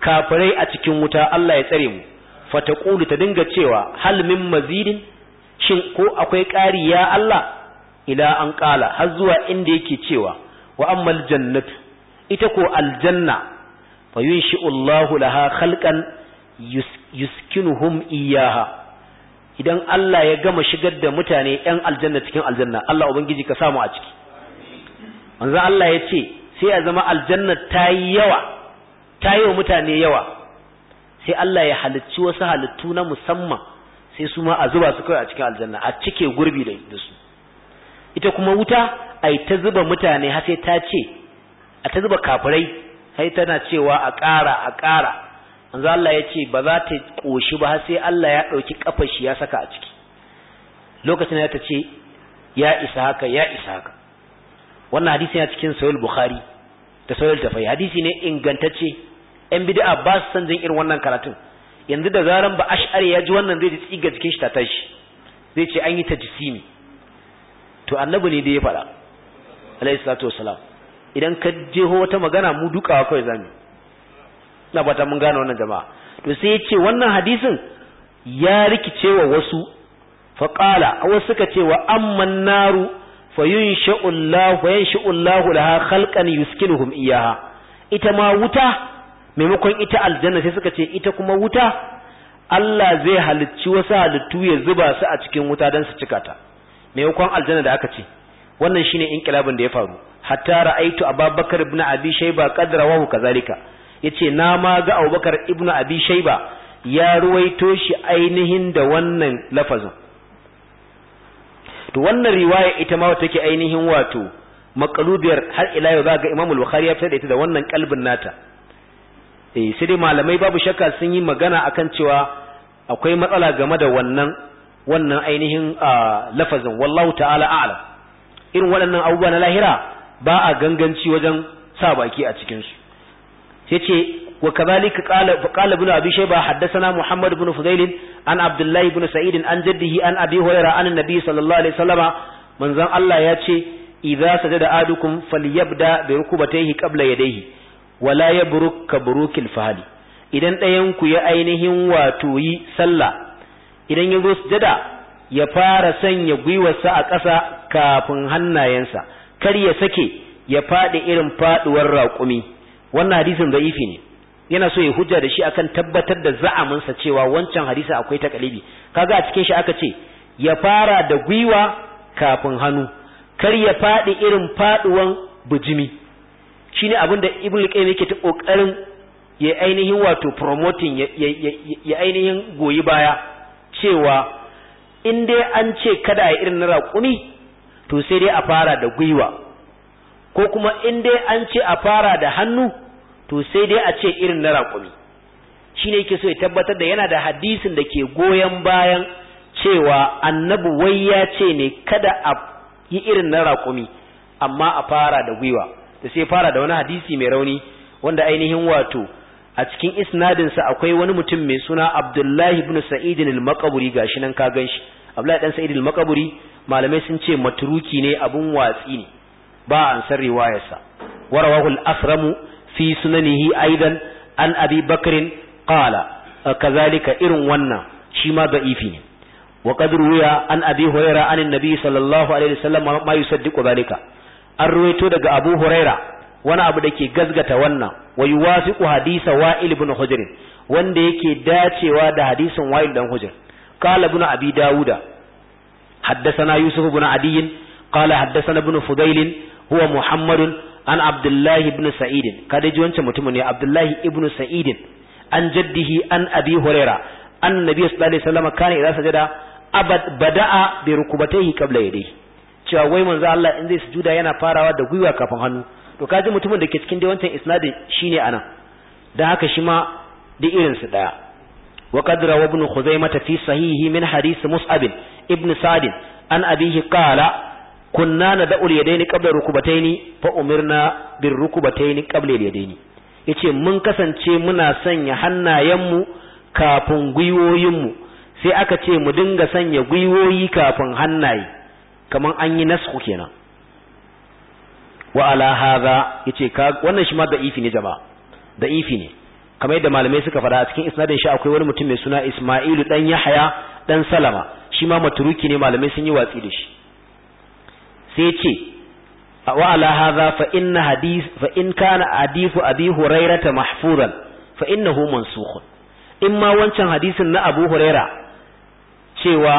Speaker 1: kafirai a cikin wuta Allah ya tsare mu fataqulu ta dinga cewa hal min mazidin shin ko akwai ƙari ya Allah ila an ƙala har zuwa inda yake cewa wa ammal jannatu ita ko aljanna fa yunshi Allahu laha khalqan yuskinuhum iyyaha idan Allah ya gama shigar da mutane ‘yan aljanna cikin aljanna Allah Ubangiji ka samu a ciki wanzan Allah ya ce sai a zama aljanna ta yi yawa ta yi wa mutane yawa sai Allah ya halicci wasu halittu na musamman sai su ma a zuba su kawai a cikin aljanna a cike gurbi da su ita kuma wuta a ta zuba mutane ha sai ta ce a ta zuba kafirai sai tana cewa a ƙara a ƙara manzo Allah ya ce ba za ta koshi ba sai Allah ya ɗauki kafar shi ya saka a ciki lokacin da ta ce ya isa haka ya isa haka wannan hadisi yana cikin sahih bukhari da sahih tafai hadisi ne ingantacce yan bid'a ba su san jin irin wannan karatun yanzu da zaran ba ash'ari ya ji wannan zai ji tsiga jikin shi ta tashi zai ce an yi ta jisimi to annabi ne da ya faɗa alaihi salatu wasalam idan ka jeho wata magana mu dukawa kawai zamu na ba ta mun gane wannan jama'a to sai ya ce wannan hadisin ya rikicewa wasu faƙala wasu suka ce wa amman naru fa yunsha'u Allah fa yansha'u Allah laha khalqan yuskinuhum iyaha ita ma wuta maimakon ita aljanna sai suka ce ita kuma wuta Allah zai halicci wasu halittu ya zuba su a cikin wuta dan su cika ta maimakon aljanna da aka ce wannan shine inkilabin da ya faru hatta ra'aitu Abubakar ibn abi shayba qadrawahu kazalika yace na ma ga Abubakar ibn Abi Shayba ya ruwaito shi ainihin da wannan lafazin to wannan riwaya ita ma take ainihin wato makalubiyar har ila yau ga Imam al-Bukhari ya fitar ita da wannan kalbin nata eh sai dai malamai babu shakka sun yi magana akan cewa akwai matsala game da wannan wannan ainihin lafazin wallahu ta'ala a'lam irin waɗannan abubuwa na lahira ba a ganganci wajen sa baki a cikinsu. yace wa kadhalika qala qala ibn abi shayba haddathana muhammad ibn fudail an abdullah ibn sa'id an jaddihi an abi hurairah an nabi sallallahu alaihi wasallama manzon Allah yace idza sajada adukum falyabda bi rukubatayhi qabla yadayhi wala yabruk ka burukil fahli idan ɗayanku ku ya ainihin wato yi sallah idan ya zo sujada ya fara sanya gwiwarsa a ƙasa kafin hannayensa kar ya sake ya faɗi irin faɗuwar raƙumi wannan hadisin da'ifi ne yana so ya hujja da shi akan tabbatar da za'aminsa cewa wancan hadisi akwai takalibi kaga a cikin shi aka ce ya fara da gwiwa kafin hannu kar ya fadi irin faduwan bijimi shine abin da ibnu qayyim yake ta kokarin ya ainihin wato promoting ya ainihin goyi baya cewa in dai an ce kada a irin na raƙumi to sai dai a fara da gwiwa ko kuma in dai an ce a fara da hannu to sai dai a ce irin na raƙumi ne yake so ya tabbatar da yana da hadisin da ke goyon bayan cewa annabi wai ya ce ne kada a yi irin na raƙumi amma a fara da gwiwa da sai fara da wani hadisi mai rauni wanda ainihin wato a cikin isnadinsa akwai wani mutum mai suna abdullahi ibn sa'idin al-maqburi gashi nan ka shi abdullahi dan sa'id al-maqburi malamai sun ce maturuki ne abun watsi ne ba an san riwayarsa warawahu al-asramu fi sunanihi aidan an abi bakrin qala kazalika irin wannan shi ma ifi ne wa qad ruya an abi huraira an annabi sallallahu alaihi wasallam ma yusaddiqu zalika an ruwaito daga abu huraira wani abu da ke gazgata wannan wa yuwafiqu hadisa wa'il ibn hujr wanda yake dacewa da hadisin wa'il dan hujr qala ibn abi dauda حدثنا يوسف بن عدي قال حدثنا ابن فضيل huwa muhammadun an abdullahi ibn Sa'idin kada ji wancan mutumin ne abdullahi ibn Sa'idin an jaddihi an abi huraira annabi sallallahu alaihi wasallam kana idan sajada abad bada'a bi rukubatayhi qabla yadayhi cewa wai manzo Allah in zai sujuda yana farawa da gwiwa kafin hannu to kaji mutumin da ke cikin dai wancan isnadin shine anan da haka shi ma da irin su daya wa qad rawa ibn khuzaimah fi sahihi min hadith mus'ab ibn sa'd an abihi qala kunna na da'ul yadaini qabla rukubataini fa umirna bir rukubataini qabla yadaini yace mun kasance muna sanya hannayenmu kafin gwiwoyinmu sai aka ce mu dinga sanya gwiwoyi kafin hannaye kaman an yi nasku kenan wa ala hadha yace ka wannan shi ma ifi ne jama'a ifi ne kamar yadda malamai suka faɗa cikin isnadin shi akwai wani mutum mai suna Isma'ilu dan Yahya dan Salama shi ma maturuki ne malamai sun yi watsi da shi sai ce wa ala hadha fa inna hadith fa in kana hadithu abi hurairata mahfuzan fa innahu mansukh in ma wancan hadisin na abu huraira cewa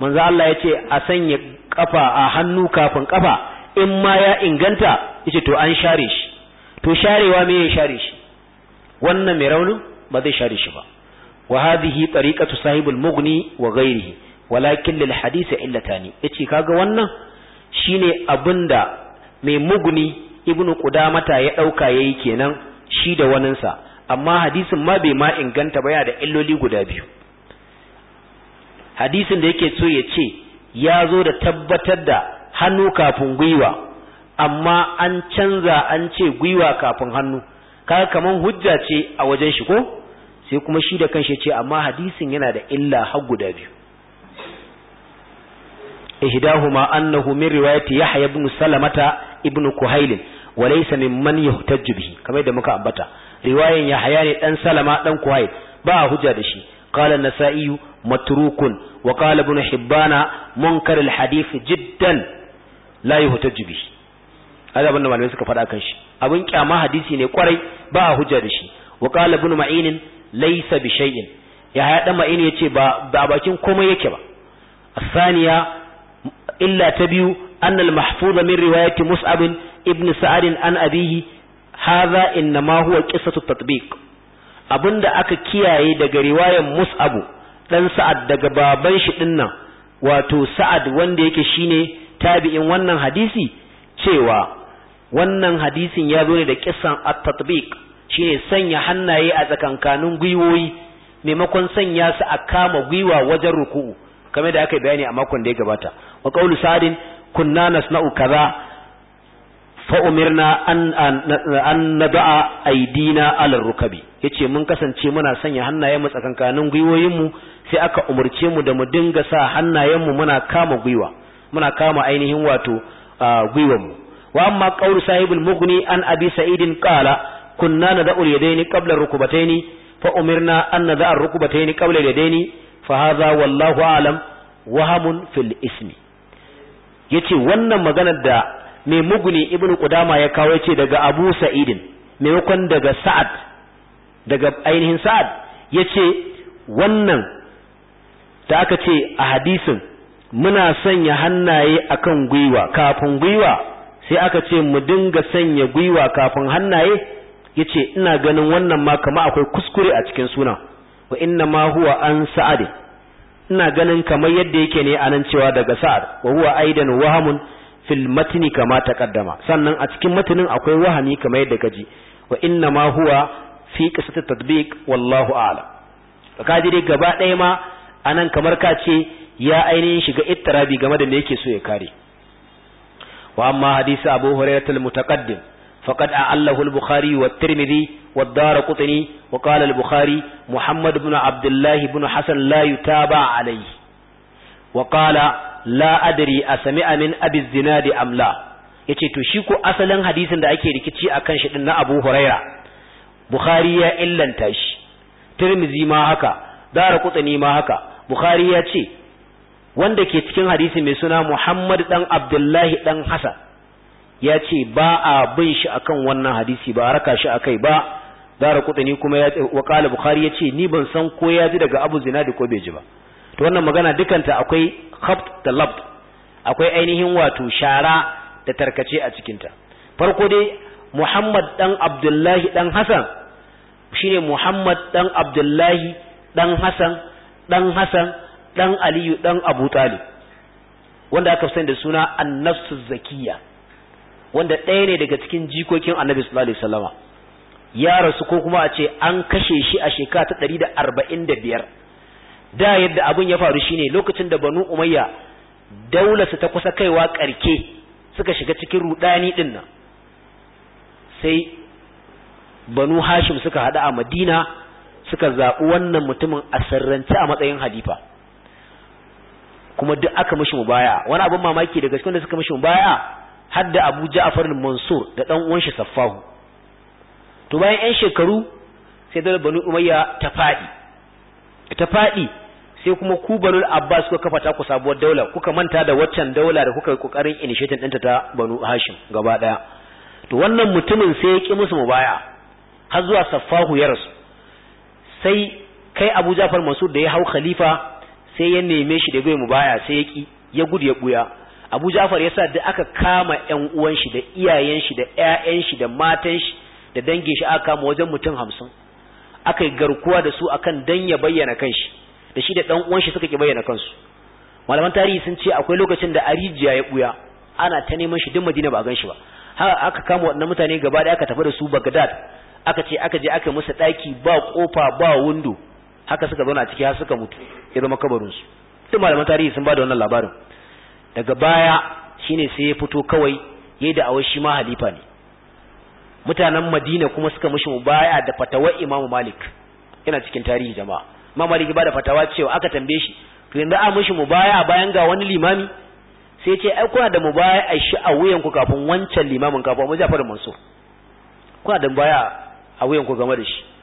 Speaker 1: manzo Allah yace a sanya kafa a hannu kafin kafa in ma ya inganta yace to an share shi to sharewa me ya share shi wannan mai raunin ba zai share shi ba wa hadhihi tariqatu sahibul mughni wa ghairihi walakin lil hadisi illatani yace kaga wannan shine da mai muguni ibnu kudamata ya dauka yayi kenan shi da waninsa amma hadisin ma bai ma inganta ba yana da illoli guda biyu hadisin da yake so ya ce ya zo da tabbatar da hannu kafin gwiwa amma an canza an ce gwiwa kafin hannu kaga kaman hujja ce a wajen shi ko sai kuma shi da kanshi ce amma hadisin yana da illa har guda biyu ihdahuma annahu min riwayati yahya ibn salamata ibn kuhail wa laysa da muka ambata riwayan yahya ne dan salama dan kuhail ba hujja da shi qala an jiddan la yuhtajju bihi faɗa kan shi abin kyama hadisi ne kwarai ba a hujja da shi wa qala ibn ma'in ya dan yace ba ba bakin komai yake ba saniya. illa ta biyu annal mahfuza min riwayati mus'ab ibn sa'ad an abihi hadha inma huwa qissatu tatbiq abinda aka kiyaye daga riwayar mus'abu dan sa'ad daga baban shi dinnan wato sa'ad wanda yake shine tabi'in wannan hadisi cewa wannan hadisin ya zo ne da kissan at shine sanya hannaye a tsakankanin gwiwoyi maimakon sanya su a kama gwiwa wajen ruku'u kamar da aka bayani a makon da ya gabata wa qawlu sa'din kunna nasna'u kaza fa umirna an an nada'a aidina yace mun kasance muna sanya hannayenmu mu tsakankanin gwiwoyin sai aka umarce mu da mu dinga sa hannayen mu muna kama gwiwa muna kama ainihin wato gwiwa mu wa amma qawlu sahibul mughni an abi sa'idin qala kunna nada'u yadaini qabla rukubataini fa umirna an nada'a rukubataini qabla yadaini fa hadha wallahu a'lam wahamun fil ismi yace wannan maganar da mai muguni ibnu Kudama ya kawo yace daga abu sa'idin maimakon daga sa'ad daga ainihin sa'ad yace wannan da aka ce a hadisin muna sanya hannaye akan gwiwa kafin gwiwa sai aka ce mu dinga sanya gwiwa kafin hannaye yace ina ganin wannan ma kama akwai kuskure a cikin suna wa inna ma huwa an sa'ad ina ganin kamar yadda yake ne anan cewa daga sa'ad wa huwa aidan wahamun fil matni kama taqaddama sannan a cikin matanin akwai wahami kamar yadda kaji wa inna ma huwa fi qisati tadbiq wallahu ala. kaji dai gaba ɗaya ma anan kamar ka ce ya ainihin shiga ittirabi game da me yake so ya kare wa amma hadisi abu hurairah al mutaqaddim فقد أعله البخاري والترمذي والدار قطني وقال البخاري محمد بن عبد الله بن حسن لا يتابع عليه وقال لا أدري أسمع من أبي الزناد أم لا yace to shi ko asalin hadisin da ake rikici akan shi din na Abu Huraira Bukhari ya illanta shi Tirmidhi ma haka Dara Qutni ma haka Bukhari ya ce wanda ke cikin hadisi mai suna Muhammad dan Abdullahi dan Hasan ya ce ba a bin shi akan wannan hadisi ba a raka shi a kai ba dara kudani kuma ya wakala bukhari ya ce ni ban san ko ya ji daga abu zinadi ko bai ji ba to wannan magana dukanta akwai khabt da labt akwai ainihin wato shara da tarkace a cikinta farko dai muhammad dan abdullahi dan hasan shine muhammad dan abdullahi dan hasan dan hasan dan aliyu dan abu talib wanda aka fi sani da suna annafsu zakiya wanda ɗaya ne daga cikin jikokin annabi sallallahu alaihi wasallama ya rasu ko kuma a ce an kashe shi a shekara ta ɗari da arba'in da biyar da yadda abin ya faru shine lokacin da banu umayya daularsu ta kusa kaiwa ƙarke suka shiga cikin rudani ɗin nan sai banu hashim suka haɗu a madina suka zaɓi wannan mutumin a sirrance a matsayin halifa kuma duk aka mishi mubaya wani abin mamaki daga cikin da suka mishi mubaya har da Abu Ja'far Mansur da dan uwan shi Saffahu to bayan 'yan shekaru sai daular Banu Umayya ta fadi ta fadi sai kuma ku Banu Abbas kuka kafa ta ku sabuwar daula kuka manta da waccan daula da kuka yi kokarin initiating ɗinta ta Banu Hashim gaba daya to wannan mutumin sai ya ki musu mubaya har zuwa Saffahu ya rasu sai kai Abu Ja'far Mansur da ya hau khalifa sai ya neme shi da bai mubaya sai ya ki ya gudu ya buya abu ja'far sa da aka kama yan uwan shi da iyayen shi da ƴaƴan shi da matan shi da dangin shi aka kama wajen mutum hamsin aka yi garkuwa da su akan dan ya bayyana kanshi da shi da dan uwan shi suka ki bayyana kansu malaman tarihi sun ce akwai lokacin da arijiya ya buya ana ta neman shi duk madina ba gan shi ba haka aka kama waɗannan mutane gaba da aka tafi da su bagdad aka ce aka je aka musu daki ba ƙofa ba windo haka suka zauna ciki har suka mutu ya zama kabarinsu duk malaman tarihi sun ba da wannan labarin daga baya shine sai ya fito kawai yayi da awai shi ma halifa ne mutanen Madina kuma suka mishi mubaya da fatawar Imam Malik yana cikin tarihi jama'a Imam Malik ba da fatawa cewa aka tambaye shi to yanzu a mishi mubaya bayan ga wani limami sai ya ce ai kuna da mubaya a shi a wuyan ku kafin wancan limamin kafin mu Ja'far Mansur kuna da mubaya a wuyan ku game da shi